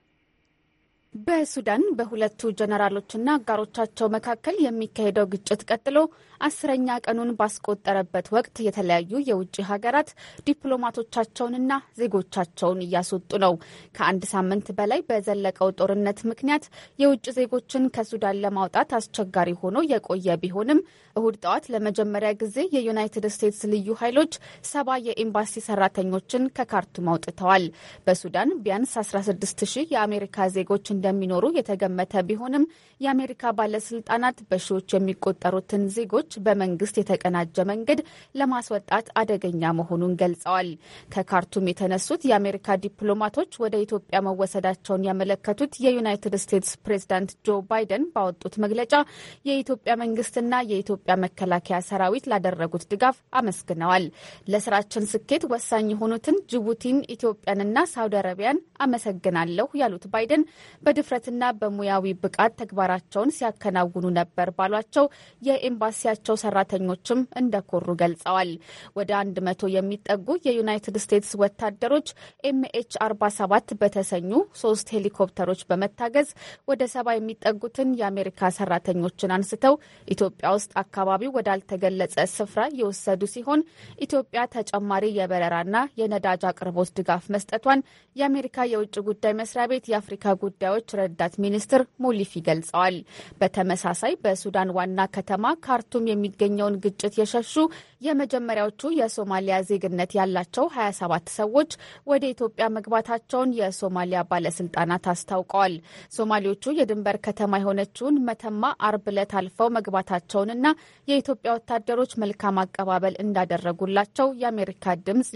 በሱዳን በሁለቱ ጀነራሎችና አጋሮቻቸው መካከል የሚካሄደው ግጭት ቀጥሎ አስረኛ ቀኑን ባስቆጠረበት ወቅት የተለያዩ የውጭ ሀገራት ዲፕሎማቶቻቸውንና ዜጎቻቸውን እያስወጡ ነው። ከአንድ ሳምንት በላይ በዘለቀው ጦርነት ምክንያት የውጭ ዜጎችን ከሱዳን ለማውጣት አስቸጋሪ ሆኖ የቆየ ቢሆንም እሁድ ጠዋት ለመጀመሪያ ጊዜ የዩናይትድ ስቴትስ ልዩ ኃይሎች ሰባ የኤምባሲ ሰራተኞችን ከካርቱም አውጥተዋል። በሱዳን ቢያንስ 16 ሺህ የአሜሪካ ዜጎች እንደሚኖሩ የተገመተ ቢሆንም የአሜሪካ ባለስልጣናት በሺዎች የሚቆጠሩትን ዜጎች ሰዎች በመንግስት የተቀናጀ መንገድ ለማስወጣት አደገኛ መሆኑን ገልጸዋል። ከካርቱም የተነሱት የአሜሪካ ዲፕሎማቶች ወደ ኢትዮጵያ መወሰዳቸውን ያመለከቱት የዩናይትድ ስቴትስ ፕሬዝዳንት ጆ ባይደን ባወጡት መግለጫ የኢትዮጵያ መንግስትና የኢትዮጵያ መከላከያ ሰራዊት ላደረጉት ድጋፍ አመስግነዋል። ለስራችን ስኬት ወሳኝ የሆኑትን ጅቡቲን፣ ኢትዮጵያንና ሳውዲ አረቢያን አመሰግናለሁ ያሉት ባይደን በድፍረትና በሙያዊ ብቃት ተግባራቸውን ሲያከናውኑ ነበር ባሏቸው የኤምባሲያ ያላቸው ሰራተኞችም እንደኮሩ ገልጸዋል። ወደ አንድ መቶ የሚጠጉ የዩናይትድ ስቴትስ ወታደሮች ኤምኤች 47 በተሰኙ ሶስት ሄሊኮፕተሮች በመታገዝ ወደ ሰባ የሚጠጉትን የአሜሪካ ሰራተኞችን አንስተው ኢትዮጵያ ውስጥ አካባቢው ወዳልተገለጸ ስፍራ የወሰዱ ሲሆን ኢትዮጵያ ተጨማሪ የበረራና የነዳጅ አቅርቦት ድጋፍ መስጠቷን የአሜሪካ የውጭ ጉዳይ መስሪያ ቤት የአፍሪካ ጉዳዮች ረዳት ሚኒስትር ሙሊፊ ገልጸዋል። በተመሳሳይ በሱዳን ዋና ከተማ ካርቱም የሚገኘውን ግጭት የሸሹ የመጀመሪያዎቹ የሶማሊያ ዜግነት ያላቸው 27 ሰዎች ወደ ኢትዮጵያ መግባታቸውን የሶማሊያ ባለስልጣናት አስታውቀዋል። ሶማሌዎቹ የድንበር ከተማ የሆነችውን መተማ አርብ ዕለት አልፈው መግባታቸውንና የኢትዮጵያ ወታደሮች መልካም አቀባበል እንዳደረጉላቸው የአሜሪካ ድምጽ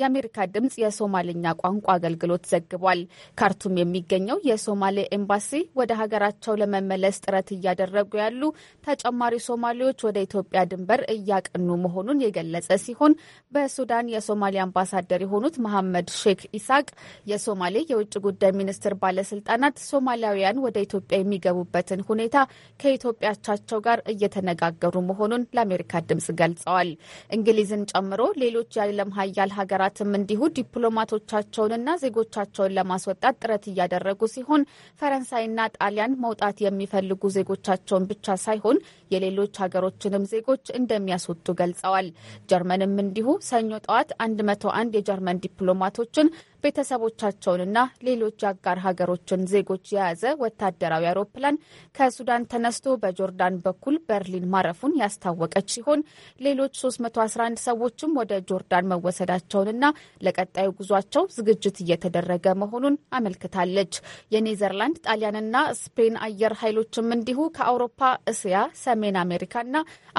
የአሜሪካ ድምጽ የሶማልኛ ቋንቋ አገልግሎት ዘግቧል። ካርቱም የሚገኘው የሶማሌ ኤምባሲ ወደ ሀገራቸው ለመመለስ ጥረት እያደረጉ ያሉ ተጨማሪ ሶማሌዎች ወደ ኢትዮጵያ ድንበር እያቀኑ መሆኑን የገለጸ ሲሆን በሱዳን የሶማሌ አምባሳደር የሆኑት መሐመድ ሼክ ኢሳቅ የሶማሌ የውጭ ጉዳይ ሚኒስቴር ባለስልጣናት ሶማሊያውያን ወደ ኢትዮጵያ የሚገቡበትን ሁኔታ ከኢትዮጵያቻቸው ጋር እየተነጋገሩ መሆኑን ለአሜሪካ ድምጽ ገልጸዋል። እንግሊዝን ጨምሮ ሌሎች የዓለም ሀያል ሀገራት ሀገራትም እንዲሁ ዲፕሎማቶቻቸውንና ዜጎቻቸውን ለማስወጣት ጥረት እያደረጉ ሲሆን ፈረንሳይና ጣሊያን መውጣት የሚፈልጉ ዜጎቻቸውን ብቻ ሳይሆን የሌሎች ሀገሮችንም ዜጎች እንደሚያስወጡ ገልጸዋል። ጀርመንም እንዲሁ ሰኞ ጠዋት 101 የጀርመን ዲፕሎማቶችን ቤተሰቦቻቸውንና ሌሎች የአጋር ሀገሮችን ዜጎች የያዘ ወታደራዊ አውሮፕላን ከሱዳን ተነስቶ በጆርዳን በኩል በርሊን ማረፉን ያስታወቀች ሲሆን ሌሎች 311 ሰዎችም ወደ ጆርዳን መወሰዳቸውንና ለቀጣዩ ጉዟቸው ዝግጅት እየተደረገ መሆኑን አመልክታለች። የኔዘርላንድ ጣሊያንና ስፔን አየር ኃይሎችም እንዲሁ ከአውሮፓ፣ እስያ፣ ሰሜን አሜሪካና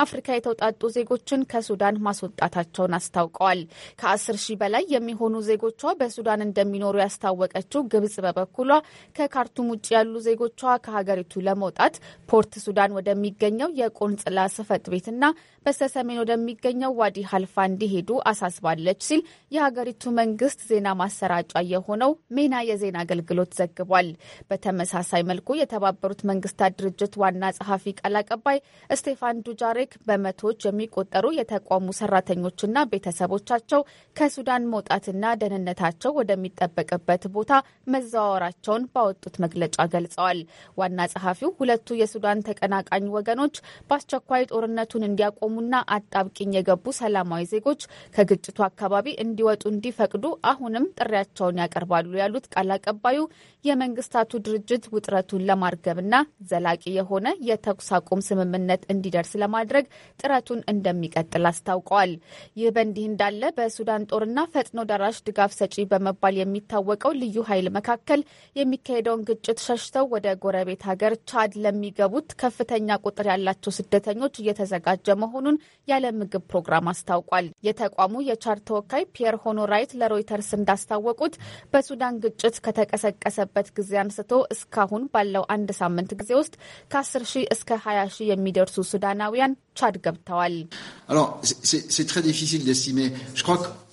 አፍሪካ የተውጣጡ ዜጎችን ከሱዳን ማስወጣታቸውን አስታውቀዋል። ከ10 ሺህ በላይ የሚሆኑ ዜጎቿ በሱዳን ሱዳን እንደሚኖሩ ያስታወቀችው ግብጽ በበኩሏ ከካርቱም ውጭ ያሉ ዜጎቿ ከሀገሪቱ ለመውጣት ፖርት ሱዳን ወደሚገኘው የቆንጽላ ጽሕፈት ቤትና በስተሰሜን ወደሚገኘው ዋዲ ሀልፋ እንዲሄዱ አሳስባለች ሲል የሀገሪቱ መንግስት ዜና ማሰራጫ የሆነው ሜና የዜና አገልግሎት ዘግቧል። በተመሳሳይ መልኩ የተባበሩት መንግስታት ድርጅት ዋና ጸሐፊ ቃል አቀባይ ስቴፋን ዱጃሬክ በመቶዎች የሚቆጠሩ የተቋሙ ሰራተኞችና ቤተሰቦቻቸው ከሱዳን መውጣትና ደህንነታቸው ወደሚጠበቅበት ቦታ መዘዋወራቸውን ባወጡት መግለጫ ገልጸዋል። ዋና ጸሐፊው ሁለቱ የሱዳን ተቀናቃኝ ወገኖች በአስቸኳይ ጦርነቱን እንዲያቆሙና አጣብቂኝ የገቡ ሰላማዊ ዜጎች ከግጭቱ አካባቢ እንዲወጡ እንዲፈቅዱ አሁንም ጥሪያቸውን ያቀርባሉ ያሉት ቃል አቀባዩ የመንግስታቱ ድርጅት ውጥረቱን ለማርገብና ዘላቂ የሆነ የተኩስ አቁም ስምምነት እንዲደርስ ለማድረግ ጥረቱን እንደሚቀጥል አስታውቀዋል። ይህ በእንዲህ እንዳለ በሱዳን ጦርና ፈጥኖ ደራሽ ድጋፍ ሰጪ በመ በመባል የሚታወቀው ልዩ ኃይል መካከል የሚካሄደውን ግጭት ሸሽተው ወደ ጎረቤት ሀገር ቻድ ለሚገቡት ከፍተኛ ቁጥር ያላቸው ስደተኞች እየተዘጋጀ መሆኑን የዓለም ምግብ ፕሮግራም አስታውቋል። የተቋሙ የቻድ ተወካይ ፒየር ሆኖራይት ለሮይተርስ እንዳስታወቁት በሱዳን ግጭት ከተቀሰቀሰበት ጊዜ አንስቶ እስካሁን ባለው አንድ ሳምንት ጊዜ ውስጥ ከ10 ሺህ እስከ 20 ሺህ የሚደርሱ ሱዳናውያን ቻድ ገብተዋል።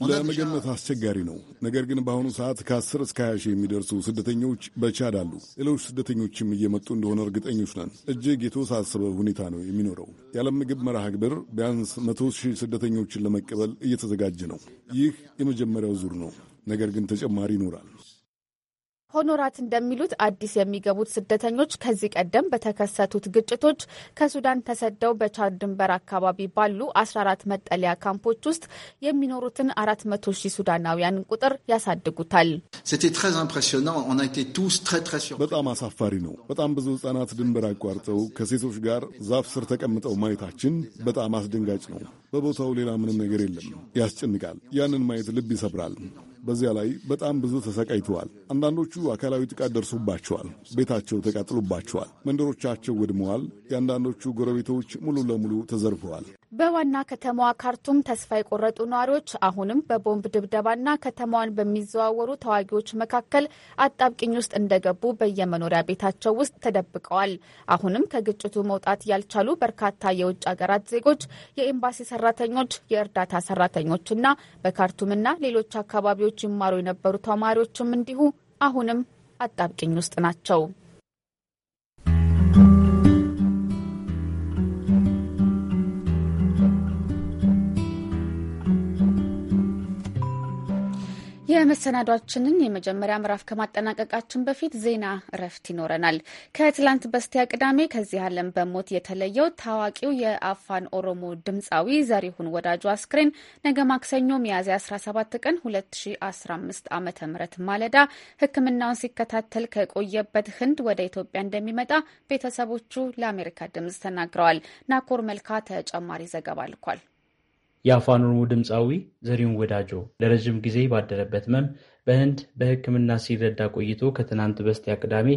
ለመገመት አስቸጋሪ ነው። ነገር ግን በአሁኑ ሰዓት ከ10 እስከ 20 ሺህ የሚደርሱ ስደተኞች በቻድ አሉ። ሌሎች ስደተኞችም እየመጡ እንደሆነ እርግጠኞች ነን። እጅግ የተወሳሰበ ሁኔታ ነው የሚኖረው። የዓለም ምግብ መርሃ ግብር ቢያንስ መቶ ሺህ ስደተኞችን ለመቀበል እየተዘጋጀ ነው። ይህ የመጀመሪያው ዙር ነው፣ ነገር ግን ተጨማሪ ይኖራል። ሆኖራት እንደሚሉት አዲስ የሚገቡት ስደተኞች ከዚህ ቀደም በተከሰቱት ግጭቶች ከሱዳን ተሰደው በቻድ ድንበር አካባቢ ባሉ 14 መጠለያ ካምፖች ውስጥ የሚኖሩትን 400 ሺህ ሱዳናውያን ቁጥር ያሳድጉታል። በጣም አሳፋሪ ነው። በጣም ብዙ ሕጻናት ድንበር አቋርጠው ከሴቶች ጋር ዛፍ ስር ተቀምጠው ማየታችን በጣም አስደንጋጭ ነው። በቦታው ሌላ ምንም ነገር የለም። ያስጨንቃል። ያንን ማየት ልብ ይሰብራል። በዚያ ላይ በጣም ብዙ ተሰቃይተዋል። አንዳንዶቹ አካላዊ ጥቃት ደርሶባቸዋል። ቤታቸው ተቃጥሎባቸዋል። መንደሮቻቸው ወድመዋል። የአንዳንዶቹ ጎረቤቶች ሙሉ ለሙሉ ተዘርፈዋል። በዋና ከተማዋ ካርቱም ተስፋ የቆረጡ ነዋሪዎች አሁንም በቦምብ ድብደባና ከተማዋን በሚዘዋወሩ ተዋጊዎች መካከል አጣብቂኝ ውስጥ እንደገቡ በየመኖሪያ ቤታቸው ውስጥ ተደብቀዋል። አሁንም ከግጭቱ መውጣት ያልቻሉ በርካታ የውጭ ሀገራት ዜጎች፣ የኤምባሲ ሰራተኞች፣ የእርዳታ ሰራተኞችና በካርቱምና ሌሎች አካባቢዎች ይማሩ የነበሩ ተማሪዎችም እንዲሁ አሁንም አጣብቂኝ ውስጥ ናቸው። የመሰናዷችንን የመጀመሪያ ምዕራፍ ከማጠናቀቃችን በፊት ዜና እረፍት ይኖረናል። ከትላንት በስቲያ ቅዳሜ ከዚህ ዓለም በሞት የተለየው ታዋቂው የአፋን ኦሮሞ ድምፃዊ ዘሪሁን ወዳጁ አስክሬን ነገ ማክሰኞ ሚያዝያ 17 ቀን 2015 ዓ ም ማለዳ ሕክምናውን ሲከታተል ከቆየበት ህንድ ወደ ኢትዮጵያ እንደሚመጣ ቤተሰቦቹ ለአሜሪካ ድምፅ ተናግረዋል። ናኮር መልካ ተጨማሪ ዘገባ ልኳል። የአፋን ኦሮሞ ድምፃዊ ዘሪሁን ወዳጆ ለረዥም ጊዜ ባደረበት ህመም በህንድ በሕክምና ሲረዳ ቆይቶ ከትናንት በስቲያ ቅዳሜ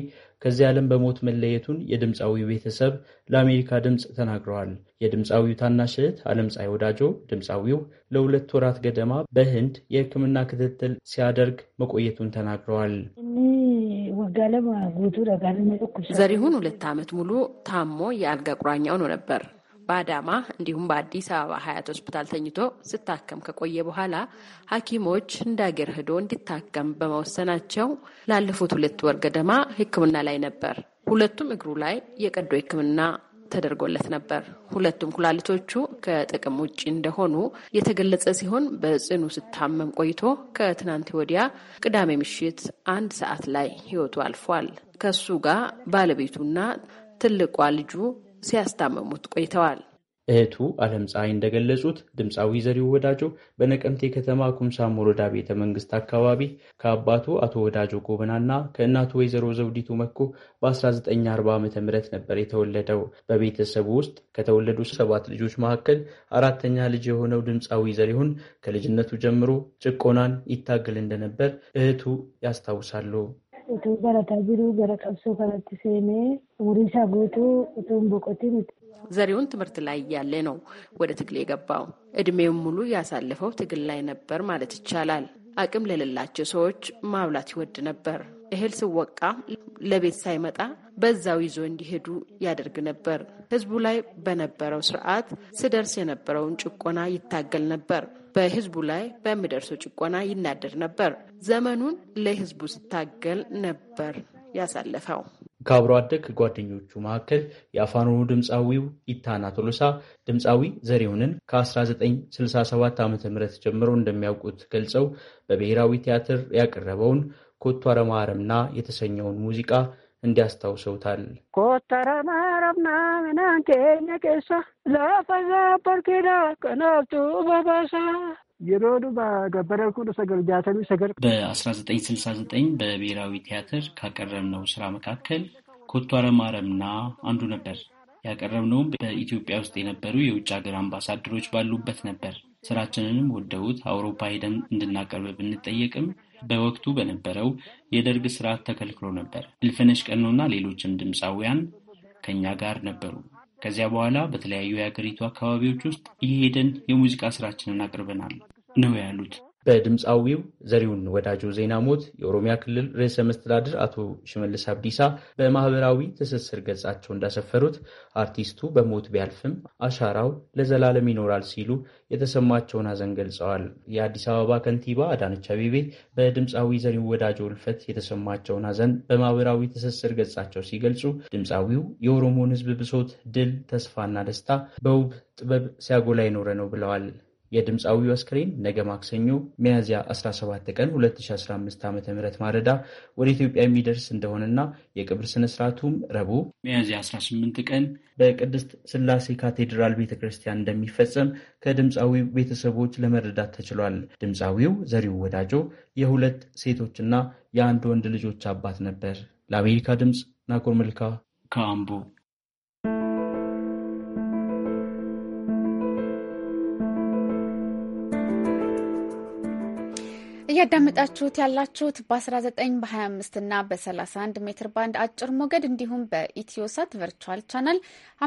ከዚህ ዓለም በሞት መለየቱን የድምፃዊው ቤተሰብ ለአሜሪካ ድምፅ ተናግረዋል። የድምፃዊው ታናሽ እህት ዓለምፀሐይ ወዳጆ ድምፃዊው ለሁለት ወራት ገደማ በህንድ የሕክምና ክትትል ሲያደርግ መቆየቱን ተናግረዋል። ዘሪሁን ሁለት ዓመት ሙሉ ታሞ የአልጋ ቁራኛ ሆኖ ነበር። በአዳማ እንዲሁም በአዲስ አበባ ሀያት ሆስፒታል ተኝቶ ስታከም ከቆየ በኋላ ሐኪሞች እንደ አገር ሂዶ እንዲታከም በመወሰናቸው ላለፉት ሁለት ወር ገደማ ሕክምና ላይ ነበር። ሁለቱም እግሩ ላይ የቀዶ ሕክምና ተደርጎለት ነበር። ሁለቱም ኩላሊቶቹ ከጥቅም ውጭ እንደሆኑ የተገለጸ ሲሆን በጽኑ ስታመም ቆይቶ ከትናንት ወዲያ ቅዳሜ ምሽት አንድ ሰዓት ላይ ሕይወቱ አልፏል። ከሱ ጋር ባለቤቱና ትልቋ ልጁ ሲያስታመሙት ቆይተዋል። እህቱ አለም ፀሐይ እንደገለጹት ድምፃዊ ዘሪው ወዳጆ በነቀምቴ ከተማ ኩምሳም ወረዳ ቤተ መንግስት አካባቢ ከአባቱ አቶ ወዳጆ ጎበናና ከእናቱ ወይዘሮ ዘውዲቱ መኮ በ1940 ዓ ም ነበር የተወለደው። በቤተሰቡ ውስጥ ከተወለዱ ሰባት ልጆች መካከል አራተኛ ልጅ የሆነው ድምፃዊ ዘሪሁን ከልጅነቱ ጀምሮ ጭቆናን ይታገል እንደነበር እህቱ ያስታውሳሉ። utuu barataa jiru gara qabsoo kanatti seenee umurii isaa guutuu utuu hin boqotiin. ዘሬውን ትምህርት ላይ እያለ ነው ወደ ትግል የገባው። እድሜውን ሙሉ ያሳለፈው ትግል ላይ ነበር ማለት ይቻላል። አቅም ለሌላቸው ሰዎች ማብላት ይወድ ነበር። እህል ስወቃ ለቤት ሳይመጣ በዛው ይዞ እንዲሄዱ ያደርግ ነበር። ህዝቡ ላይ በነበረው ስርዓት ስደርስ የነበረውን ጭቆና ይታገል ነበር። በህዝቡ ላይ በሚደርሰው ጭቆና ይናደድ ነበር። ዘመኑን ለህዝቡ ስታገል ነበር ያሳለፈው። ከአብሮ አደግ ጓደኞቹ መካከል የአፋኖ ድምፃዊው ኢታና ቶሎሳ ድምፃዊ ዘሬውንን ከ1967 ዓ ም ጀምሮ እንደሚያውቁት ገልጸው በብሔራዊ ቲያትር ያቀረበውን ኮቱ አረማረምና የተሰኘውን ሙዚቃ እንዲያስታውሰውታል። ኮተረ መረብና ምናንኬኛ ቄሳ ቀናብቱ በባሳ የሮዱ ሰገር ጃተሚ ሰገር በ1969 በብሔራዊ ቲያትር ካቀረብነው ስራ መካከል ኮቷረ ማረምና አንዱ ነበር። ያቀረብነውም በኢትዮጵያ ውስጥ የነበሩ የውጭ ሀገር አምባሳደሮች ባሉበት ነበር። ስራችንንም ወደውት አውሮፓ ሄደን እንድናቀርብ ብንጠየቅም በወቅቱ በነበረው የደርግ ስርዓት ተከልክሎ ነበር። እልፍነሽ ቀኖና ሌሎችም ድምፃውያን ከእኛ ጋር ነበሩ። ከዚያ በኋላ በተለያዩ የሀገሪቱ አካባቢዎች ውስጥ እየሄደን የሙዚቃ ስራችንን አቅርበናል ነው ያሉት። በድምፃዊው ዘሪሁን ወዳጆ ዜና ሞት የኦሮሚያ ክልል ርዕሰ መስተዳድር አቶ ሽመልስ አብዲሳ በማህበራዊ ትስስር ገጻቸው እንዳሰፈሩት አርቲስቱ በሞት ቢያልፍም አሻራው ለዘላለም ይኖራል ሲሉ የተሰማቸውን ሀዘን ገልጸዋል። የአዲስ አበባ ከንቲባ አዳነች አቤቤ በድምፃዊ ዘሪሁን ወዳጆ እልፈት የተሰማቸውን ሀዘን በማህበራዊ ትስስር ገጻቸው ሲገልጹ ድምፃዊው የኦሮሞን ሕዝብ ብሶት፣ ድል፣ ተስፋና ደስታ በውብ ጥበብ ሲያጎላ ይኖረ ነው ብለዋል። የድምፃዊው አስክሬን ነገ ማክሰኞ ሚያዝያ 17 ቀን 2015 ዓ ም ማረዳ ወደ ኢትዮጵያ የሚደርስ እንደሆነና የቅብር ስነስርዓቱም ረቡዕ ሚያዝያ 18 ቀን በቅድስት ስላሴ ካቴድራል ቤተ ክርስቲያን እንደሚፈጸም ከድምፃዊው ቤተሰቦች ለመረዳት ተችሏል። ድምፃዊው ዘሪው ወዳጆ የሁለት ሴቶችና የአንድ ወንድ ልጆች አባት ነበር። ለአሜሪካ ድምፅ ናኮር መልካ ከአምቦ እያዳመጣችሁት ያላችሁት በ19 በ25 እና በ31 ሜትር ባንድ አጭር ሞገድ እንዲሁም በኢትዮሳት ቨርቹዋል ቻናል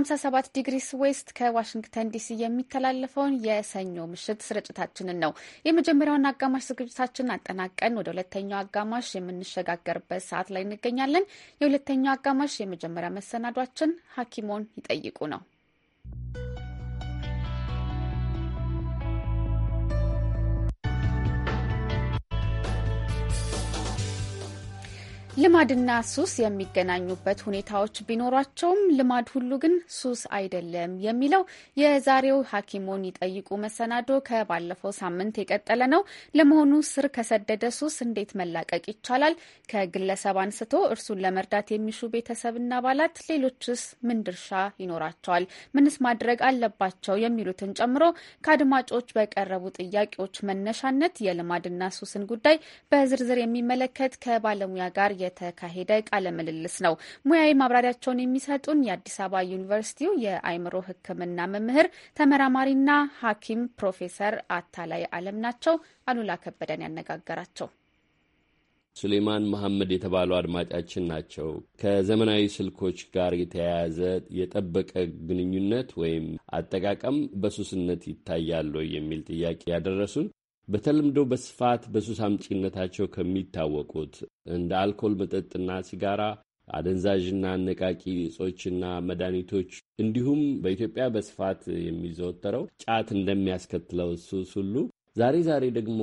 57 ዲግሪስ ዌስት ከዋሽንግተን ዲሲ የሚተላለፈውን የሰኞ ምሽት ስርጭታችንን ነው። የመጀመሪያውን አጋማሽ ዝግጅታችን አጠናቀን ወደ ሁለተኛው አጋማሽ የምንሸጋገርበት ሰዓት ላይ እንገኛለን። የሁለተኛው አጋማሽ የመጀመሪያ መሰናዷችን ሐኪሞን ይጠይቁ ነው። ልማድና ሱስ የሚገናኙበት ሁኔታዎች ቢኖሯቸውም ልማድ ሁሉ ግን ሱስ አይደለም የሚለው የዛሬው ሐኪሞን ይጠይቁ መሰናዶ ከባለፈው ሳምንት የቀጠለ ነው። ለመሆኑ ስር ከሰደደ ሱስ እንዴት መላቀቅ ይቻላል? ከግለሰብ አንስቶ እርሱን ለመርዳት የሚሹ ቤተሰብና አባላት፣ ሌሎችስ ምን ድርሻ ይኖራቸዋል? ምንስ ማድረግ አለባቸው? የሚሉትን ጨምሮ ከአድማጮች በቀረቡ ጥያቄዎች መነሻነት የልማድና ሱስን ጉዳይ በዝርዝር የሚመለከት ከባለሙያ ጋር የተካሄደ ቃለ ምልልስ ነው። ሙያዊ ማብራሪያቸውን የሚሰጡን የአዲስ አበባ ዩኒቨርሲቲው የአእምሮ ሕክምና መምህር ተመራማሪና ሐኪም ፕሮፌሰር አታላይ አለም ናቸው። አሉላ ከበደን ያነጋገራቸው ሱሌማን መሐመድ የተባሉ አድማጫችን ናቸው። ከዘመናዊ ስልኮች ጋር የተያያዘ የጠበቀ ግንኙነት ወይም አጠቃቀም በሱስነት ይታያሉ የሚል ጥያቄ ያደረሱን በተለምዶ በስፋት በሱስ አምጪነታቸው ከሚታወቁት እንደ አልኮል መጠጥና ሲጋራ፣ አደንዛዥና አነቃቂ እጾችና መድኃኒቶች እንዲሁም በኢትዮጵያ በስፋት የሚዘወተረው ጫት እንደሚያስከትለው ሱስ ሁሉ ዛሬ ዛሬ ደግሞ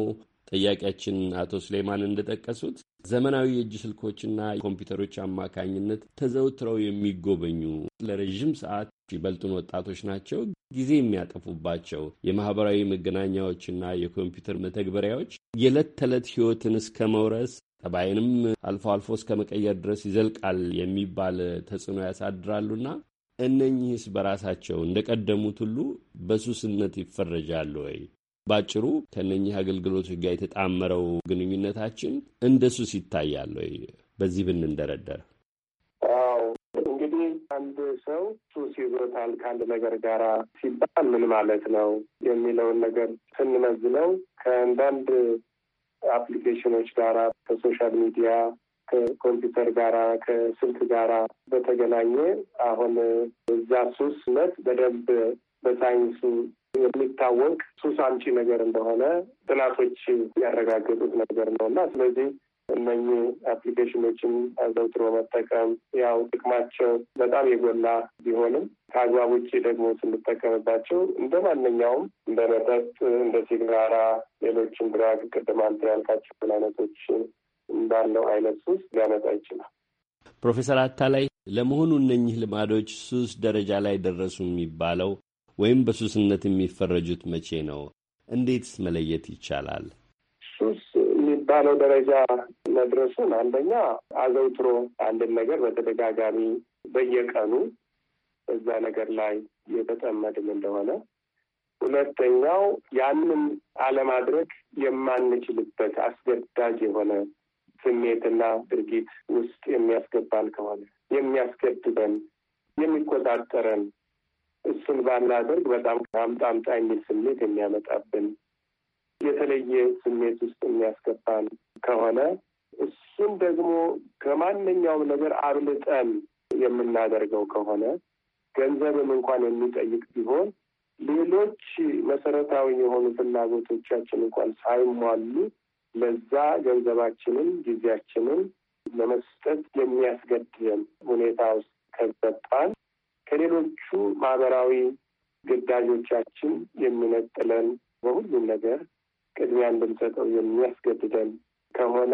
ጠያቂያችን አቶ ስሌማን እንደጠቀሱት ዘመናዊ የእጅ ስልኮችና ኮምፒውተሮች አማካኝነት ተዘውትረው የሚጎበኙ ለረዥም ሰዓት ይበልጡን ወጣቶች ናቸው ጊዜ የሚያጠፉባቸው የማህበራዊ መገናኛዎችና የኮምፒውተር መተግበሪያዎች የዕለት ተዕለት ሕይወትን እስከ መውረስ ጠባይንም አልፎ አልፎ እስከ መቀየር ድረስ ይዘልቃል የሚባል ተጽዕኖ ያሳድራሉና እነኚህስ በራሳቸው ቀደሙት ሁሉ በሱስነት ይፈረጃሉ ወይ? ባጭሩ ከእነኚህ አገልግሎቶች ጋር የተጣመረው ግንኙነታችን እንደ ሱስ ይታያል ወይ? በዚህ ብንንደረደር ሰው ሱስ ይዞታል ከአንድ ነገር ጋራ ሲባል ምን ማለት ነው የሚለውን ነገር ስንመዝነው ከአንዳንድ አፕሊኬሽኖች ጋራ ከሶሻል ሚዲያ ከኮምፒውተር ጋራ ከስልክ ጋራ በተገናኘ አሁን እዛ ነት በደንብ በሳይንሱ የሚታወቅ ሱስ አምጪ ነገር እንደሆነ ጥናቶች ያረጋገጡት ነገር ነው እና ስለዚህ እነኚህ አፕሊኬሽኖችን አዘውትሮ መጠቀም ያው ጥቅማቸው በጣም የጎላ ቢሆንም ከአግባብ ውጭ ደግሞ ስንጠቀምባቸው እንደ ማንኛውም እንደ መጠጥ፣ እንደ ሲጋራ፣ ሌሎችም ድራግ ቅድም አንተ ያልካቸውን አይነቶች እንዳለው አይነት ሱስ ሊያመጣ ይችላል። ፕሮፌሰር አታላይ ለመሆኑ እነኚህ ልማዶች ሱስ ደረጃ ላይ ደረሱ የሚባለው ወይም በሱስነት የሚፈረጁት መቼ ነው? እንዴትስ መለየት ይቻላል? የሚባለው ደረጃ መድረሱን አንደኛ አዘውትሮ አንድን ነገር በተደጋጋሚ በየቀኑ በዛ ነገር ላይ የተጠመድን እንደሆነ ሁለተኛው ያንን አለማድረግ የማንችልበት አስገዳጅ የሆነ ስሜትና ድርጊት ውስጥ የሚያስገባን ከሆነ የሚያስገድበን፣ የሚቆጣጠረን እሱን ባናደርግ በጣም ከአምጣምጣ የሚል ስሜት የሚያመጣብን የተለየ ስሜት ውስጥ የሚያስገባን ከሆነ እሱን ደግሞ ከማንኛውም ነገር አብልጠን የምናደርገው ከሆነ ገንዘብም እንኳን የሚጠይቅ ቢሆን ሌሎች መሰረታዊ የሆኑ ፍላጎቶቻችን እንኳን ሳይሟሉ ለዛ ገንዘባችንን፣ ጊዜያችንን ለመስጠት የሚያስገድደን ሁኔታ ውስጥ ከገባን ከሌሎቹ ማህበራዊ ግዳጆቻችን የሚነጥለን በሁሉም ነገር ቅድሚያ እንድንሰጠው የሚያስገድደን ከሆነ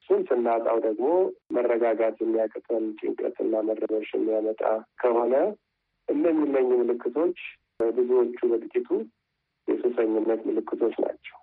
እሱን ስናጣው ደግሞ መረጋጋት የሚያቅተን ጭንቀትና መረበሽ የሚያመጣ ከሆነ እነሚመኙ ምልክቶች ብዙዎቹ በጥቂቱ የሱሰኝነት ምልክቶች ናቸው።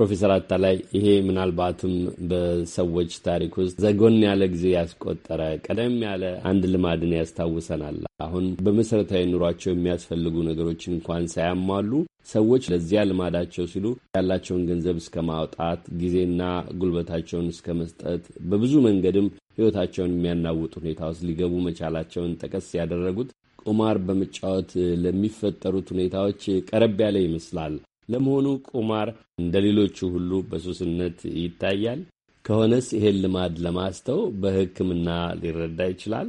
ፕሮፌሰር አታላይ ይሄ ምናልባትም በሰዎች ታሪክ ውስጥ ዘጎን ያለ ጊዜ ያስቆጠረ ቀደም ያለ አንድ ልማድን ያስታውሰናል። አሁን በመሰረታዊ ኑሯቸው የሚያስፈልጉ ነገሮች እንኳን ሳያሟሉ ሰዎች ለዚያ ልማዳቸው ሲሉ ያላቸውን ገንዘብ እስከ ማውጣት ጊዜና ጉልበታቸውን እስከ መስጠት በብዙ መንገድም ህይወታቸውን የሚያናውጥ ሁኔታ ውስጥ ሊገቡ መቻላቸውን ጠቀስ ያደረጉት ቁማር በመጫወት ለሚፈጠሩት ሁኔታዎች ቀረብ ያለ ይመስላል። ለመሆኑ ቁማር እንደ ሌሎቹ ሁሉ በሱስነት ይታያል? ከሆነስ ይሄን ልማድ ለማስተው በሕክምና ሊረዳ ይችላል?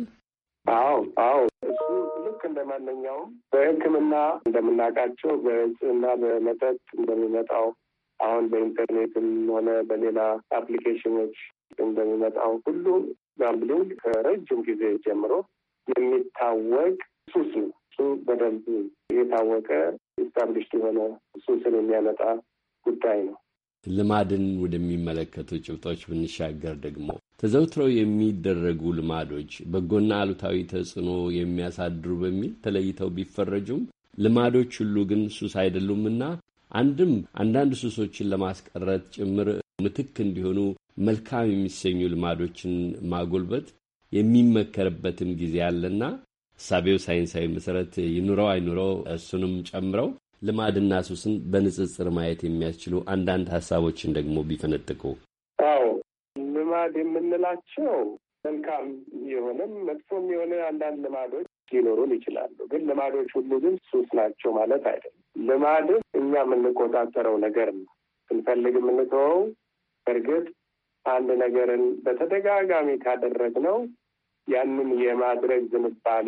አዎ፣ አዎ እሱ ልክ እንደ ማንኛውም በሕክምና እንደምናውቃቸው በእጽና በመጠጥ እንደሚመጣው አሁን በኢንተርኔትም ሆነ በሌላ አፕሊኬሽኖች እንደሚመጣው ሁሉ ጋምብሊንግ ከረጅም ጊዜ ጀምሮ የሚታወቅ ሱስ ነው። እሱ በደንብ የታወቀ ኢስታብሊሽድ የሆነ ሱስን የሚያመጣ ጉዳይ ነው። ልማድን ወደሚመለከቱ ጭብጦች ብንሻገር ደግሞ ተዘውትረው የሚደረጉ ልማዶች በጎና አሉታዊ ተጽዕኖ የሚያሳድሩ በሚል ተለይተው ቢፈረጁም ልማዶች ሁሉ ግን ሱስ አይደሉምና አንድም አንዳንድ ሱሶችን ለማስቀረት ጭምር ምትክ እንዲሆኑ መልካም የሚሰኙ ልማዶችን ማጎልበት የሚመከርበትም ጊዜ አለና ሳቢው ሳይንሳዊ መሰረት ይኑረው አይኑረው እሱንም ጨምረው ልማድና ሱስን በንጽጽር ማየት የሚያስችሉ አንዳንድ ሀሳቦችን ደግሞ ቢፈነጥቁ። አዎ ልማድ የምንላቸው መልካም የሆነም መጥፎም የሆነ አንዳንድ ልማዶች ሊኖሩን ይችላሉ። ግን ልማዶች ሁሉ ግን ሱስ ናቸው ማለት አይደለም። ልማድ እኛ የምንቆጣጠረው ነገር ነው፣ ስንፈልግ የምንተወው። እርግጥ አንድ ነገርን በተደጋጋሚ ካደረግነው ያንን የማድረግ ዝንባሌ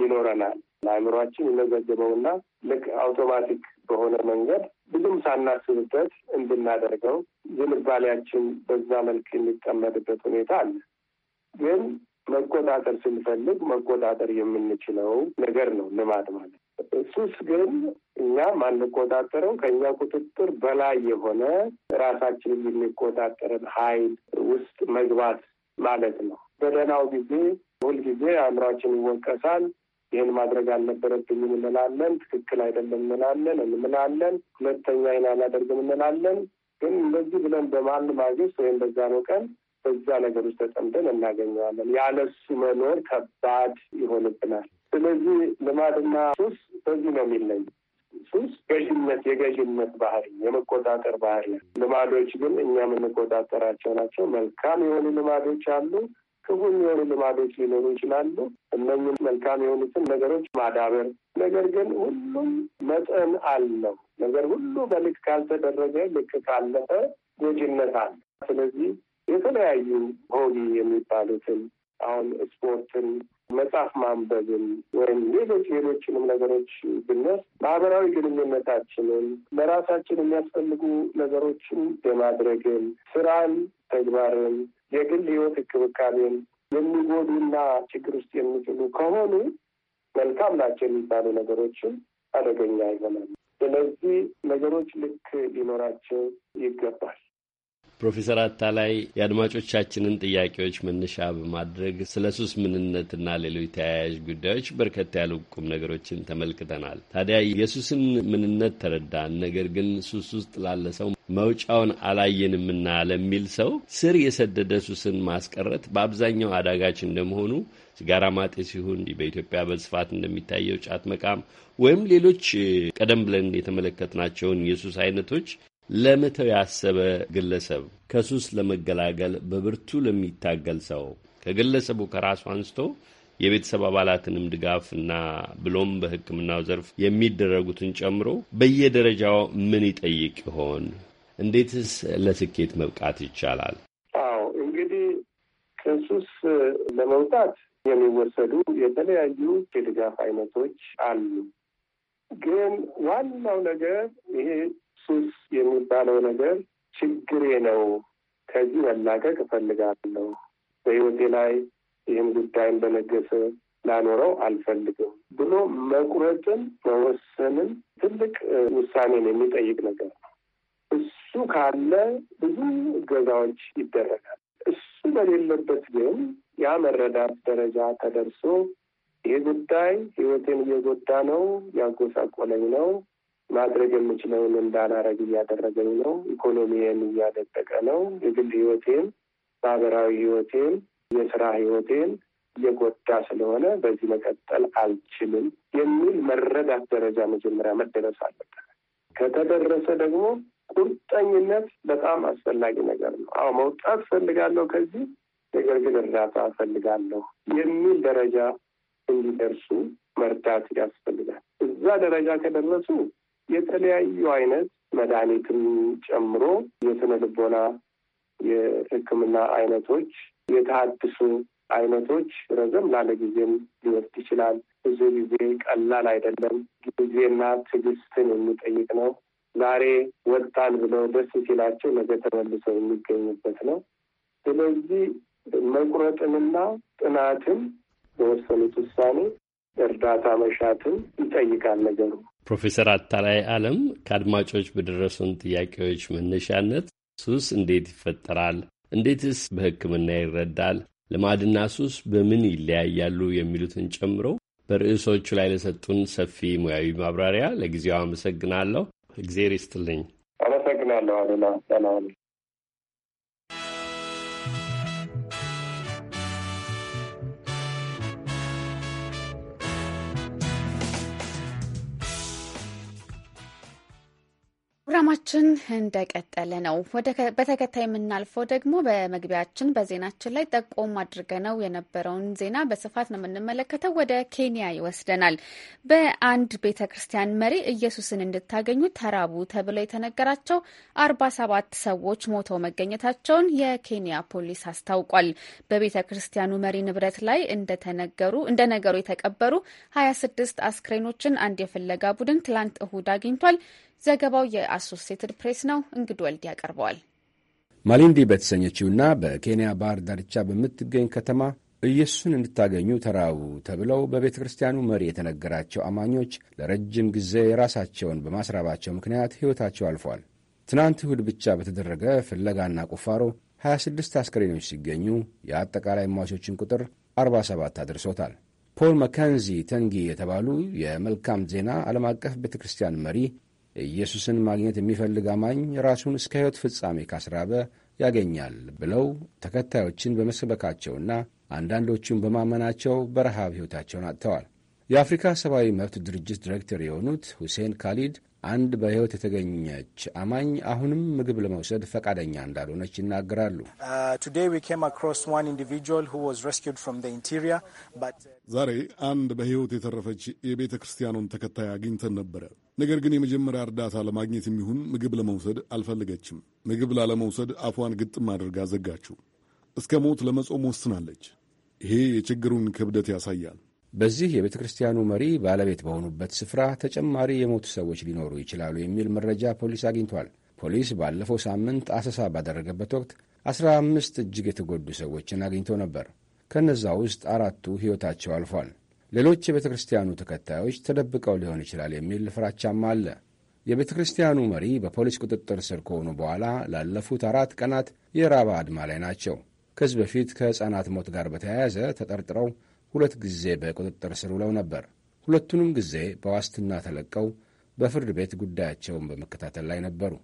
ይኖረናል። ለአእምሯችን ይመዘግበውና ልክ አውቶማቲክ በሆነ መንገድ ብዙም ሳናስብበት እንድናደርገው ዝንባሌያችን በዛ መልክ የሚጠመድበት ሁኔታ አለ። ግን መቆጣጠር ስንፈልግ መቆጣጠር የምንችለው ነገር ነው ልማድ ማለት። እሱስ ግን እኛ ማንቆጣጠረው ከእኛ ቁጥጥር በላይ የሆነ ራሳችንን የሚቆጣጠርን ኃይል ውስጥ መግባት ማለት ነው። በደህናው ጊዜ ሁልጊዜ አእምሯችን ይወቀሳል። ይህን ማድረግ አልነበረብኝም እንላለን። ትክክል አይደለም እንላለን እንላለን። ሁለተኛ ይህን አላደርግም እንላለን። ግን እንደዚህ ብለን በማን ማግስት ወይም ነው ቀን በዛ ነገር ውስጥ ተጠምደን እናገኘዋለን። ያለሱ መኖር ከባድ ይሆንብናል። ስለዚህ ልማድና ሱስ በዚህ ነው የሚለኝ። ሱስ ገዥነት፣ የገዥነት ባህሪ፣ የመቆጣጠር ባህሪ። ልማዶች ግን እኛ የምንቆጣጠራቸው ናቸው። መልካም የሆኑ ልማዶች አሉ። ክፉ የሚሆኑ ልማዶች ሊኖሩ ይችላሉ። እነኝም መልካም የሆኑትን ነገሮች ማዳበር፣ ነገር ግን ሁሉም መጠን አለው። ነገር ሁሉ በልክ ካልተደረገ ልክ ካለፈ ጎጂነት አለ። ስለዚህ የተለያዩ ሆቢ የሚባሉትን አሁን ስፖርትን፣ መጽሐፍ ማንበብን ወይም ሌሎች ሌሎችንም ነገሮች ብንወስድ ማህበራዊ ግንኙነታችንን ለራሳችን የሚያስፈልጉ ነገሮችን የማድረግን ስራን፣ ተግባርን የግል ህይወት እንክብካቤን የሚጎዱና ችግር ውስጥ የሚጥሉ ከሆኑ መልካም ናቸው የሚባሉ ነገሮችን አደገኛ ይሆናሉ። ስለዚህ ነገሮች ልክ ሊኖራቸው ይገባል። ፕሮፌሰር አታላይ የአድማጮቻችንን ጥያቄዎች መነሻ በማድረግ ስለ ሱስ ምንነትና ሌሎች ተያያዥ ጉዳዮች በርከት ያሉ ቁም ነገሮችን ተመልክተናል። ታዲያ የሱስን ምንነት ተረዳን፣ ነገር ግን ሱስ ውስጥ ላለ ሰው መውጫውን አላየንምና ለሚል ሰው ስር የሰደደ ሱስን ማስቀረት በአብዛኛው አዳጋች እንደመሆኑ ሲጋራ ማጤ ሲሆን በኢትዮጵያ በስፋት እንደሚታየው ጫት መቃም ወይም ሌሎች ቀደም ብለን የተመለከትናቸውን የሱስ አይነቶች ለመተው ያሰበ ግለሰብ ከሱስ ለመገላገል በብርቱ ለሚታገል ሰው ከግለሰቡ ከራሱ አንስቶ የቤተሰብ አባላትንም ድጋፍ ብሎም በሕክምናው ዘርፍ የሚደረጉትን ጨምሮ በየደረጃው ምን ይጠይቅ ይሆን? እንዴትስ ለስኬት መብቃት ይቻላል? አዎ እንግዲህ ከሱስ ለመውጣት የሚወሰዱ የተለያዩ የድጋፍ አይነቶች አሉ። ግን ዋናው ነገር ይሄ ሱስ የሚባለው ነገር ችግሬ ነው። ከዚህ መላቀቅ እፈልጋለሁ። በህይወቴ ላይ ይህም ጉዳይን በነገሰ ላኖረው አልፈልግም ብሎ መቁረጥን መወሰንን ትልቅ ውሳኔን የሚጠይቅ ነገር ነው። እሱ ካለ ብዙ እገዛዎች ይደረጋል። እሱ በሌለበት ግን ያ መረዳት ደረጃ ተደርሶ ይህ ጉዳይ ህይወቴን እየጎዳ ነው፣ ያጎሳቆለኝ ነው ማድረግ የምችለውን እንዳላረግ እያደረገኝ ነው። ኢኮኖሚዬን እያደቀቀ ነው። የግል ህይወቴን፣ ማህበራዊ ህይወቴን፣ የስራ ህይወቴን እየጎዳ ስለሆነ በዚህ መቀጠል አልችልም የሚል መረዳት ደረጃ መጀመሪያ መደረስ አለበት። ከተደረሰ ደግሞ ቁርጠኝነት በጣም አስፈላጊ ነገር ነው። አዎ መውጣት ፈልጋለሁ ከዚህ ነገር ግን እርዳታ ፈልጋለሁ የሚል ደረጃ እንዲደርሱ መርዳት ያስፈልጋል። እዛ ደረጃ ከደረሱ የተለያዩ አይነት መድኃኒትም ጨምሮ የስነ ልቦና የሕክምና አይነቶች የተሀድሱ አይነቶች ረዘም ላለ ጊዜም ሊወስድ ይችላል። ብዙ ጊዜ ቀላል አይደለም። ጊዜና ትዕግስትን የሚጠይቅ ነው። ዛሬ ወጣን ብለው ደስ ሲላቸው ነገ ተመልሰው የሚገኙበት ነው። ስለዚህ መቁረጥንና ጥናትን በወሰኑት ውሳኔ እርዳታ መሻትን ይጠይቃል ነገሩ። ፕሮፌሰር አታላይ አለም ከአድማጮች በደረሱን ጥያቄዎች መነሻነት ሱስ እንዴት ይፈጠራል? እንዴትስ በሕክምና ይረዳል? ልማድና ሱስ በምን ይለያያሉ? የሚሉትን ጨምሮ በርዕሶቹ ላይ ለሰጡን ሰፊ ሙያዊ ማብራሪያ ለጊዜው አመሰግናለሁ። እግዜር ይስጥልኝ። አመሰግናለሁ አሉላ። ፕሮግራማችን እንደቀጠለ ነው። በተከታይ የምናልፈው ደግሞ በመግቢያችን በዜናችን ላይ ጠቆም አድርገነው የነበረውን ዜና በስፋት ነው የምንመለከተው። ወደ ኬንያ ይወስደናል። በአንድ ቤተ ክርስቲያን መሪ ኢየሱስን እንድታገኙ ተራቡ ተብለው የተነገራቸው አርባ ሰባት ሰዎች ሞተው መገኘታቸውን የኬንያ ፖሊስ አስታውቋል። በቤተ ክርስቲያኑ መሪ ንብረት ላይ እንደተነገሩ እንደነገሩ የተቀበሩ ሀያ ስድስት አስክሬኖችን አንድ የፍለጋ ቡድን ትላንት እሁድ አግኝቷል። ዘገባው የአሶሴትድ ፕሬስ ነው። እንግድ ወልድ ያቀርበዋል። ማሊንዲ በተሰኘችውና በኬንያ ባህር ዳርቻ በምትገኝ ከተማ ኢየሱስን እንድታገኙ ተራቡ ተብለው በቤተ ክርስቲያኑ መሪ የተነገራቸው አማኞች ለረጅም ጊዜ ራሳቸውን በማስራባቸው ምክንያት ሕይወታቸው አልፏል። ትናንት እሁድ ብቻ በተደረገ ፍለጋና ቁፋሮ 26 አስከሬኖች ሲገኙ የአጠቃላይ ሟቾችን ቁጥር 47 አድርሶታል። ፖል መካንዚ ተንጊ የተባሉ የመልካም ዜና ዓለም አቀፍ ቤተ ክርስቲያን መሪ ኢየሱስን ማግኘት የሚፈልግ አማኝ ራሱን እስከ ሕይወት ፍጻሜ ካስራበ ያገኛል ብለው ተከታዮችን በመስበካቸውና አንዳንዶቹን በማመናቸው በረሃብ ሕይወታቸውን አጥተዋል። የአፍሪካ ሰብአዊ መብት ድርጅት ዲሬክተር የሆኑት ሁሴን ካሊድ አንድ በሕይወት የተገኘች አማኝ አሁንም ምግብ ለመውሰድ ፈቃደኛ እንዳልሆነች ይናገራሉ። ዛሬ አንድ በሕይወት የተረፈች የቤተ ክርስቲያኑን ተከታይ አግኝተን ነበረ። ነገር ግን የመጀመሪያ እርዳታ ለማግኘት የሚሆን ምግብ ለመውሰድ አልፈለገችም። ምግብ ላለመውሰድ አፏን ግጥም አድርጋ ዘጋችው። እስከ ሞት ለመጾም ወስናለች። ይሄ የችግሩን ክብደት ያሳያል። በዚህ የቤተ ክርስቲያኑ መሪ ባለቤት በሆኑበት ስፍራ ተጨማሪ የሞቱ ሰዎች ሊኖሩ ይችላሉ የሚል መረጃ ፖሊስ አግኝቷል። ፖሊስ ባለፈው ሳምንት አሰሳ ባደረገበት ወቅት አስራ አምስት እጅግ የተጎዱ ሰዎችን አግኝቶ ነበር። ከነዛ ውስጥ አራቱ ሕይወታቸው አልፏል። ሌሎች የቤተ ክርስቲያኑ ተከታዮች ተደብቀው ሊሆን ይችላል የሚል ፍራቻም አለ። የቤተ ክርስቲያኑ መሪ በፖሊስ ቁጥጥር ስር ከሆኑ በኋላ ላለፉት አራት ቀናት የራባ አድማ ላይ ናቸው። ከዚህ በፊት ከሕፃናት ሞት ጋር በተያያዘ ተጠርጥረው ሁለት ጊዜ በቁጥጥር ስር ውለው ነበር። ሁለቱንም ጊዜ በዋስትና ተለቀው በፍርድ ቤት ጉዳያቸውን በመከታተል ላይ ነበሩ።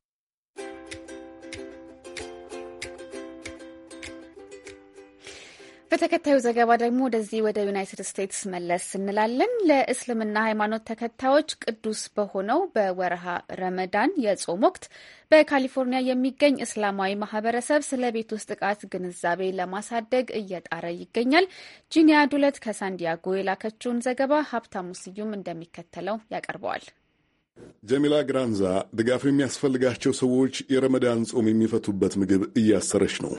በተከታዩ ዘገባ ደግሞ ወደዚህ ወደ ዩናይትድ ስቴትስ መለስ እንላለን። ለእስልምና ሃይማኖት ተከታዮች ቅዱስ በሆነው በወርሃ ረመዳን የጾም ወቅት በካሊፎርኒያ የሚገኝ እስላማዊ ማህበረሰብ ስለ ቤት ውስጥ ጥቃት ግንዛቤ ለማሳደግ እየጣረ ይገኛል። ጂኒያ ዱለት ከሳንዲያጎ የላከችውን ዘገባ ሀብታሙ ስዩም እንደሚከተለው ያቀርበዋል። ጀሚላ ግራንዛ ድጋፍ የሚያስፈልጋቸው ሰዎች የረመዳን ጾም የሚፈቱበት ምግብ እያሰረች ነው።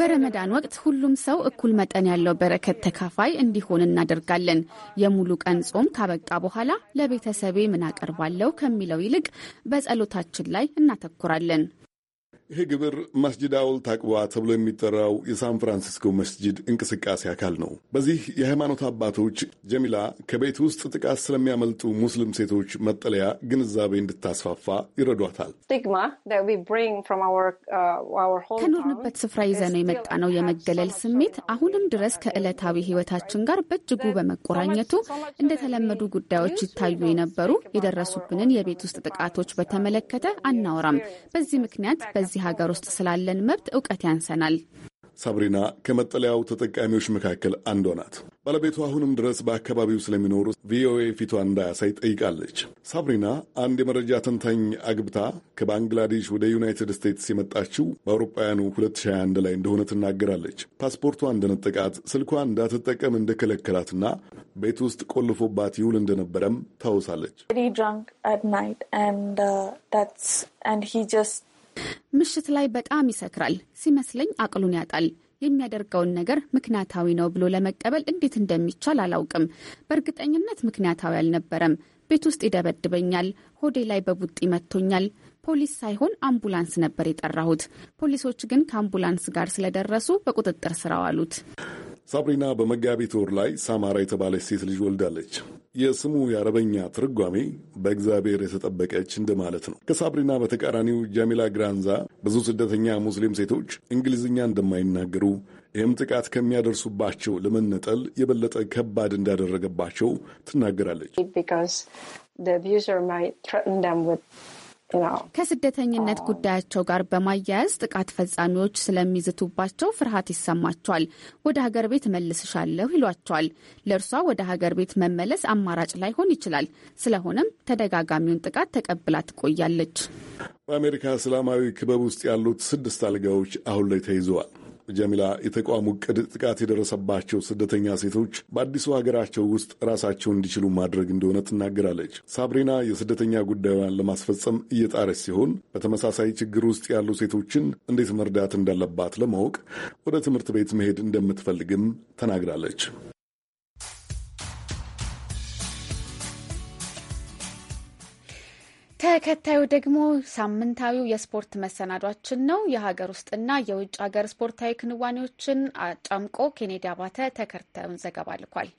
በረመዳን ወቅት ሁሉም ሰው እኩል መጠን ያለው በረከት ተካፋይ እንዲሆን እናደርጋለን። የሙሉ ቀን ጾም ካበቃ በኋላ ለቤተሰቤ ምን አቀርባለሁ ከሚለው ይልቅ በጸሎታችን ላይ እናተኩራለን። ይሄ ግብር መስጅድ አውል ታቅቧ ተብሎ የሚጠራው የሳን ፍራንሲስኮ መስጅድ እንቅስቃሴ አካል ነው። በዚህ የሃይማኖት አባቶች ጀሚላ ከቤት ውስጥ ጥቃት ስለሚያመልጡ ሙስሊም ሴቶች መጠለያ ግንዛቤ እንድታስፋፋ ይረዷታል። uh, ከኖርንበት ስፍራ ይዘነው ነው የመገለል ስሜት አሁንም ድረስ ከዕለታዊ ህይወታችን ጋር በእጅጉ በመቆራኘቱ እንደተለመዱ ጉዳዮች ይታዩ የነበሩ የደረሱብንን የቤት ውስጥ ጥቃቶች በተመለከተ አናወራም። በዚህ ምክንያት በዚህ እዚህ ሀገር ውስጥ ስላለን መብት እውቀት ያንሰናል። ሳብሪና ከመጠለያው ተጠቃሚዎች መካከል አንዷ ናት። ባለቤቷ አሁንም ድረስ በአካባቢው ስለሚኖሩ ቪኦኤ ፊቷ እንዳያሳይ ጠይቃለች። ሳብሪና አንድ የመረጃ ተንታኝ አግብታ ከባንግላዴሽ ወደ ዩናይትድ ስቴትስ የመጣችው በአውሮፓውያኑ 2021 ላይ እንደሆነ ትናገራለች። ፓስፖርቷ እንደነጠቃት፣ ስልኳ እንዳትጠቀም እንደከለከላትና ቤት ውስጥ ቆልፎባት ይውል እንደነበረም ታውሳለች። ምሽት ላይ በጣም ይሰክራል። ሲመስለኝ አቅሉን ያጣል። የሚያደርገውን ነገር ምክንያታዊ ነው ብሎ ለመቀበል እንዴት እንደሚቻል አላውቅም። በእርግጠኝነት ምክንያታዊ አልነበረም። ቤት ውስጥ ይደበድበኛል። ሆዴ ላይ በቡጢ መጥቶኛል። ፖሊስ ሳይሆን አምቡላንስ ነበር የጠራሁት። ፖሊሶች ግን ከአምቡላንስ ጋር ስለደረሱ በቁጥጥር ስር አዋሉት። ሳብሪና በመጋቢት ወር ላይ ሳማራ የተባለች ሴት ልጅ ወልዳለች። የስሙ የአረበኛ ትርጓሜ በእግዚአብሔር የተጠበቀች እንደማለት ነው። ከሳብሪና በተቃራኒው ጃሚላ ግራንዛ ብዙ ስደተኛ ሙስሊም ሴቶች እንግሊዝኛ እንደማይናገሩ ይህም ጥቃት ከሚያደርሱባቸው ለመነጠል የበለጠ ከባድ እንዳደረገባቸው ትናገራለች። ከስደተኝነት ጉዳያቸው ጋር በማያያዝ ጥቃት ፈጻሚዎች ስለሚዝቱባቸው ፍርሃት ይሰማቸዋል። ወደ ሀገር ቤት መልስሻለሁ ይሏቸዋል። ለእርሷ ወደ ሀገር ቤት መመለስ አማራጭ ላይሆን ይችላል። ስለሆነም ተደጋጋሚውን ጥቃት ተቀብላ ትቆያለች። በአሜሪካ እስላማዊ ክበብ ውስጥ ያሉት ስድስት አልጋዎች አሁን ላይ ተይዘዋል። ጀሚላ የተቋሙ ቅድ ጥቃት የደረሰባቸው ስደተኛ ሴቶች በአዲሱ ሀገራቸው ውስጥ ራሳቸው እንዲችሉ ማድረግ እንደሆነ ትናገራለች። ሳብሪና የስደተኛ ጉዳዩን ለማስፈጸም እየጣረች ሲሆን በተመሳሳይ ችግር ውስጥ ያሉ ሴቶችን እንዴት መርዳት እንዳለባት ለማወቅ ወደ ትምህርት ቤት መሄድ እንደምትፈልግም ተናግራለች። ተከታዩ ደግሞ ሳምንታዊው የስፖርት መሰናዷችን ነው። የሀገር ውስጥና የውጭ ሀገር ስፖርታዊ ክንዋኔዎችን አጫምቆ ኬኔዲ አባተ ተከታዩን ዘገባ ልኳል።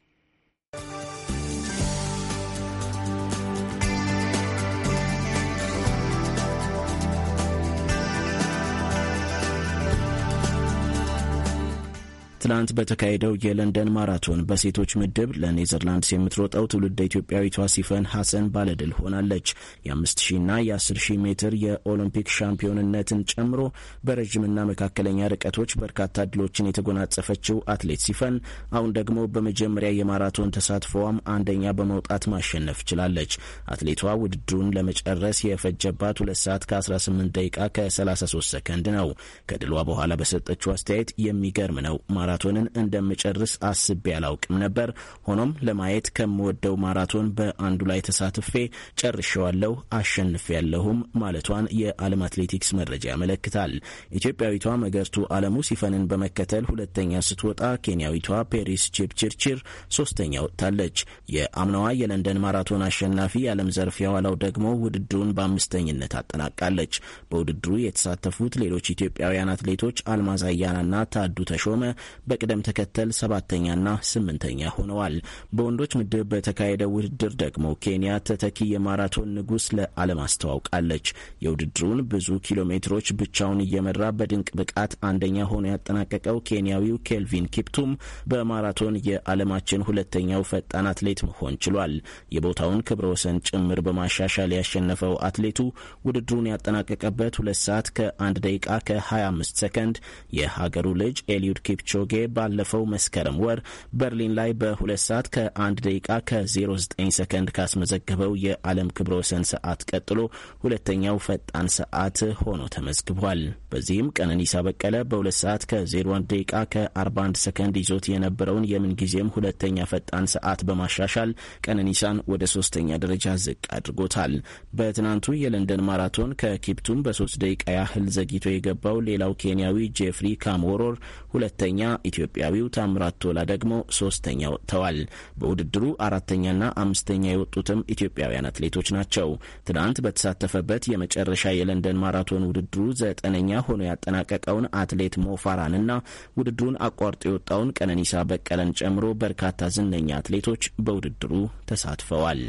ትናንት በተካሄደው የለንደን ማራቶን በሴቶች ምድብ ለኔዘርላንድስ የምትሮጠው ትውልደ ኢትዮጵያዊቷ ሲፈን ሐሰን ባለድል ሆናለች። 5 ሺና የአስር ሺህ ሜትር የኦሎምፒክ ሻምፒዮንነትን ጨምሮ በረዥምና መካከለኛ ርቀቶች በርካታ ድሎችን የተጎናጸፈችው አትሌት ሲፈን አሁን ደግሞ በመጀመሪያ የማራቶን ተሳትፎዋም አንደኛ በመውጣት ማሸነፍ ችላለች። አትሌቷ ውድድሩን ለመጨረስ የፈጀባት 2 ሰዓት ከ18 ደቂቃ ከ33 ሰከንድ ነው። ከድሏ በኋላ በሰጠችው አስተያየት የሚገርም ነው ማራቶንን እንደምጨርስ አስቤ አላውቅም ነበር። ሆኖም ለማየት ከምወደው ማራቶን በአንዱ ላይ ተሳትፌ አሸንፍ ያለሁም ማለቷን የዓለም አትሌቲክስ መረጃ ያመለክታል። ኢትዮጵያዊቷ መገርቱ አለሙ ሲፈንን በመከተል ሁለተኛ ስትወጣ፣ ኬንያዊቷ ፔሪስ ቼፕችርችር ሶስተኛ ወጥታለች። የአምናዋ የለንደን ማራቶን አሸናፊ የዓለም ዘርፍ የዋላው ደግሞ ውድድሩን በአምስተኝነት አጠናቃለች። በውድድሩ የተሳተፉት ሌሎች ኢትዮጵያውያን አትሌቶች አልማዝ አያናና ታዱ ተሾመ፣ በቅደም ተከተል ሰባተኛና ስምንተኛ ሆነዋል። በወንዶች ምድብ በተካሄደው ውድድር ደግሞ ኬንያ ተተኪ የማራቶን ንጉሥ ለዓለም አስተዋውቃለች። የውድድሩን ብዙ ኪሎ ሜትሮች ብቻውን እየመራ በድንቅ ብቃት አንደኛ ሆኖ ያጠናቀቀው ኬንያዊው ኬልቪን ኪፕቱም በማራቶን የዓለማችን ሁለተኛው ፈጣን አትሌት መሆን ችሏል። የቦታውን ክብረ ወሰን ጭምር በማሻሻል ያሸነፈው አትሌቱ ውድድሩን ያጠናቀቀበት ሁለት ሰዓት ከአንድ ደቂቃ ከ25 ሰከንድ የሀገሩ ልጅ ኤልዩድ ኪፕቾጌ ባለፈው መስከረም ወር በርሊን ላይ በሁለት ሰዓት ከአንድ ደቂቃ ከ09 ሰከንድ ካስመዘገበው የዓለም ክብረ ወሰን ሰዓት ቀጥሎ ሁለተኛው ፈጣን ሰዓት ሆኖ ተመዝግቧል። በዚህም ቀነኒሳ በቀለ በሁለት ሰዓት ከ01 ደቂቃ ከ41 ሰከንድ ይዞት የነበረውን የምንጊዜም ሁለተኛ ፈጣን ሰዓት በማሻሻል ቀነኒሳን ወደ ሶስተኛ ደረጃ ዝቅ አድርጎታል። በትናንቱ የለንደን ማራቶን ከኬፕቱም በሶስት ደቂቃ ያህል ዘግይቶ የገባው ሌላው ኬንያዊ ጄፍሪ ካምወሮር ሁለተኛ፣ ኢትዮጵያዊው ታምራት ቶላ ደግሞ ሶስተኛ ወጥተዋል። በውድድሩ አራተኛና አምስተኛ የወጡትም ኢትዮጵያውያን አትሌቶች ናቸው። ትናንት በተሳተፈበት የመጨረሻ የለንደን ማራቶን ውድድሩ ዘጠነኛ ሆኖ ያጠናቀቀውን አትሌት ሞፋራንና ውድድሩን አቋርጦ የወጣውን ቀነኒሳ በቀለን ጨምሮ በርካታ ዝነኛ አትሌቶች በውድድሩ ተሳትፈዋል።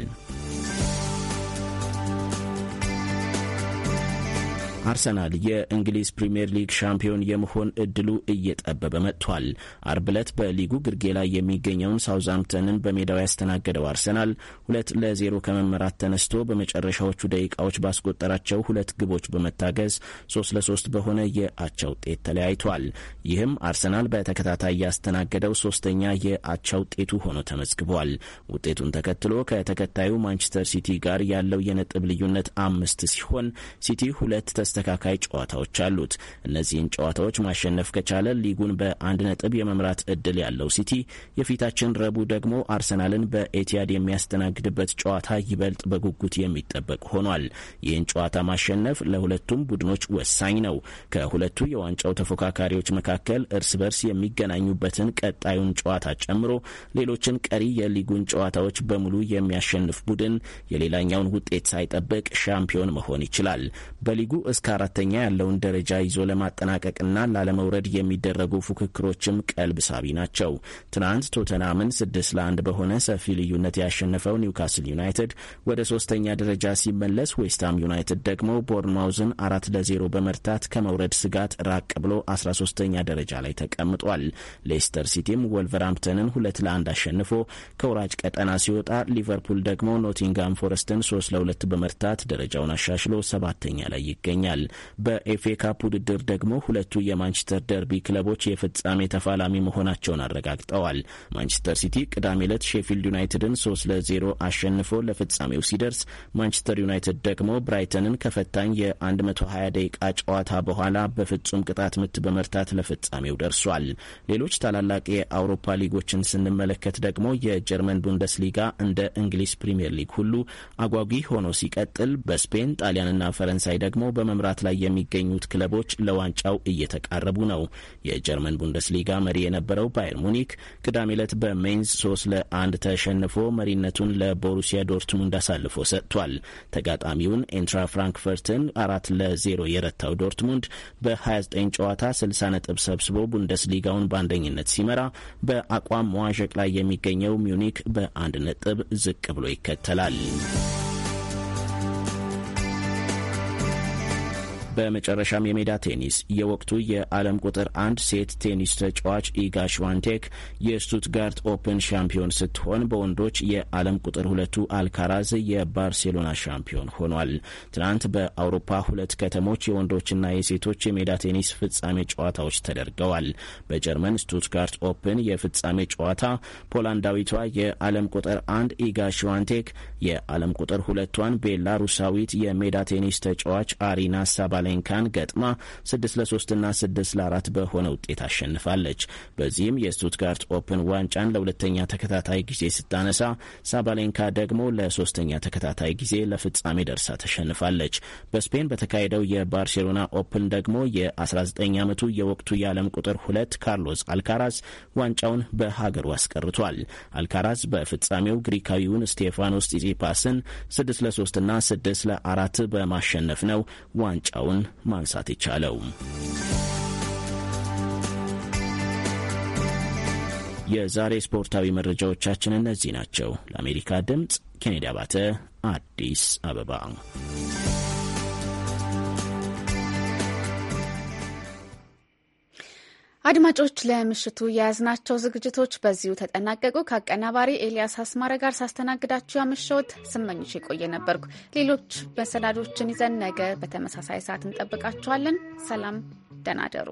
አርሰናል የእንግሊዝ ፕሪምየር ሊግ ሻምፒዮን የመሆን እድሉ እየጠበበ መጥቷል። አርብ ዕለት በሊጉ ግርጌ ላይ የሚገኘውን ሳውዝሃምፕተንን በሜዳው ያስተናገደው አርሰናል ሁለት ለዜሮ ከመመራት ተነስቶ በመጨረሻዎቹ ደቂቃዎች ባስቆጠራቸው ሁለት ግቦች በመታገዝ ሶስት ለሶስት በሆነ የአቻ ውጤት ተለያይቷል። ይህም አርሰናል በተከታታይ ያስተናገደው ሶስተኛ የአቻ ውጤቱ ሆኖ ተመዝግቧል። ውጤቱን ተከትሎ ከተከታዩ ማንቸስተር ሲቲ ጋር ያለው የነጥብ ልዩነት አምስት ሲሆን ሲቲ ሁለት ተስተካካይ ጨዋታዎች አሉት። እነዚህን ጨዋታዎች ማሸነፍ ከቻለ ሊጉን በአንድ ነጥብ የመምራት እድል ያለው ሲቲ የፊታችን ረቡዕ ደግሞ አርሰናልን በኤቲያድ የሚያስተናግድበት ጨዋታ ይበልጥ በጉጉት የሚጠበቅ ሆኗል። ይህን ጨዋታ ማሸነፍ ለሁለቱም ቡድኖች ወሳኝ ነው። ከሁለቱ የዋንጫው ተፎካካሪዎች መካከል እርስ በርስ የሚገናኙበትን ቀጣዩን ጨዋታ ጨምሮ ሌሎችን ቀሪ የሊጉን ጨዋታዎች በሙሉ የሚያሸንፍ ቡድን የሌላኛውን ውጤት ሳይጠብቅ ሻምፒዮን መሆን ይችላል። በሊጉ እስከ አራተኛ ያለውን ደረጃ ይዞ ለማጠናቀቅና ላለመውረድ የሚደረጉ ፉክክሮችም ቀልብ ሳቢ ናቸው። ትናንት ቶተናምን ስድስት ለአንድ በሆነ ሰፊ ልዩነት ያሸነፈው ኒውካስል ዩናይትድ ወደ ሶስተኛ ደረጃ ሲመለስ፣ ዌስትሃም ዩናይትድ ደግሞ ቦርንማውዝን አራት ለዜሮ በመርታት ከመውረድ ስጋት ራቅ ብሎ 13ተኛ ደረጃ ላይ ተቀምጧል። ሌስተር ሲቲም ወልቨርሃምፕተንን ሁለት ለአንድ አሸንፎ ከወራጅ ቀጠና ሲወጣ፣ ሊቨርፑል ደግሞ ኖቲንጋም ፎረስትን ሶስት ለሁለት በመርታት ደረጃውን አሻሽሎ ሰባተኛ ላይ ይገኛል። ይገኛል። በኤፍኤ ካፕ ውድድር ደግሞ ሁለቱ የማንቸስተር ደርቢ ክለቦች የፍጻሜ ተፋላሚ መሆናቸውን አረጋግጠዋል። ማንቸስተር ሲቲ ቅዳሜ ዕለት ሼፊልድ ዩናይትድን ለ ለዜሮ አሸንፎ ለፍጻሜው ሲደርስ ማንቸስተር ዩናይትድ ደግሞ ብራይተንን ከፈታኝ የ120 ደቂቃ ጨዋታ በኋላ በፍጹም ቅጣት ምት በመርታት ለፍጻሜው ደርሷል። ሌሎች ታላላቅ የአውሮፓ ሊጎችን ስንመለከት ደግሞ የጀርመን ቡንደስሊጋ እንደ እንግሊዝ ፕሪምየር ሊግ ሁሉ አጓጊ ሆኖ ሲቀጥል በስፔን ጣሊያንና ፈረንሳይ ደግሞ በመ በመምራት ላይ የሚገኙት ክለቦች ለዋንጫው እየተቃረቡ ነው። የጀርመን ቡንደስሊጋ መሪ የነበረው ባየር ሙኒክ ቅዳሜ ዕለት በሜንዝ ሶስት ለአንድ ተሸንፎ መሪነቱን ለቦሩሲያ ዶርትሙንድ አሳልፎ ሰጥቷል። ተጋጣሚውን ኤንትራ ፍራንክፈርትን አራት ለዜሮ የረታው ዶርትሙንድ በ29 ጨዋታ 60 ነጥብ ሰብስቦ ቡንደስሊጋውን በአንደኝነት ሲመራ በአቋም መዋዠቅ ላይ የሚገኘው ሚዩኒክ በአንድ ነጥብ ዝቅ ብሎ ይከተላል። በመጨረሻም የሜዳ ቴኒስ የወቅቱ የዓለም ቁጥር አንድ ሴት ቴኒስ ተጫዋች ኢጋ ሽዋንቴክ የስቱትጋርት ኦፕን ሻምፒዮን ስትሆን በወንዶች የዓለም ቁጥር ሁለቱ አልካራዝ የባርሴሎና ሻምፒዮን ሆኗል። ትናንት በአውሮፓ ሁለት ከተሞች የወንዶችና የሴቶች የሜዳ ቴኒስ ፍጻሜ ጨዋታዎች ተደርገዋል። በጀርመን ስቱትጋርት ኦፕን የፍጻሜ ጨዋታ ፖላንዳዊቷ የዓለም ቁጥር አንድ ኢጋ ሽዋንቴክ የዓለም ቁጥር ሁለቷን ቤላሩሳዊት የሜዳ ቴኒስ ተጫዋች አሪና ሳባ ሳሌንካን ገጥማ 6 ለ3 ና 6 ለ4 በሆነ ውጤት አሸንፋለች። በዚህም የስቱትጋርት ኦፕን ዋንጫን ለሁለተኛ ተከታታይ ጊዜ ስታነሳ፣ ሳባሌንካ ደግሞ ለሶስተኛ ተከታታይ ጊዜ ለፍጻሜ ደርሳ ተሸንፋለች። በስፔን በተካሄደው የባርሴሎና ኦፕን ደግሞ የ19 ዓመቱ የወቅቱ የዓለም ቁጥር ሁለት ካርሎስ አልካራዝ ዋንጫውን በሀገሩ አስቀርቷል። አልካራዝ በፍጻሜው ግሪካዊውን ስቴፋኖስ ጢጺፓስን 6 ለ3 ና 6 ለ4 በማሸነፍ ነው ዋንጫውን መሆኑን ማንሳት የቻለው። የዛሬ ስፖርታዊ መረጃዎቻችን እነዚህ ናቸው። ለአሜሪካ ድምፅ ኬኔዲ አባተ አዲስ አበባ አድማጮች ለምሽቱ የያዝናቸው ዝግጅቶች በዚሁ ተጠናቀቁ። ከአቀናባሪ ኤልያስ አስማረ ጋር ሳስተናግዳችሁ ያመሸሁት ስመኝሽ የቆየ ነበርኩ። ሌሎች መሰናዶችን ይዘን ነገ በተመሳሳይ ሰዓት እንጠብቃችኋለን። ሰላም፣ ደህና ደሩ።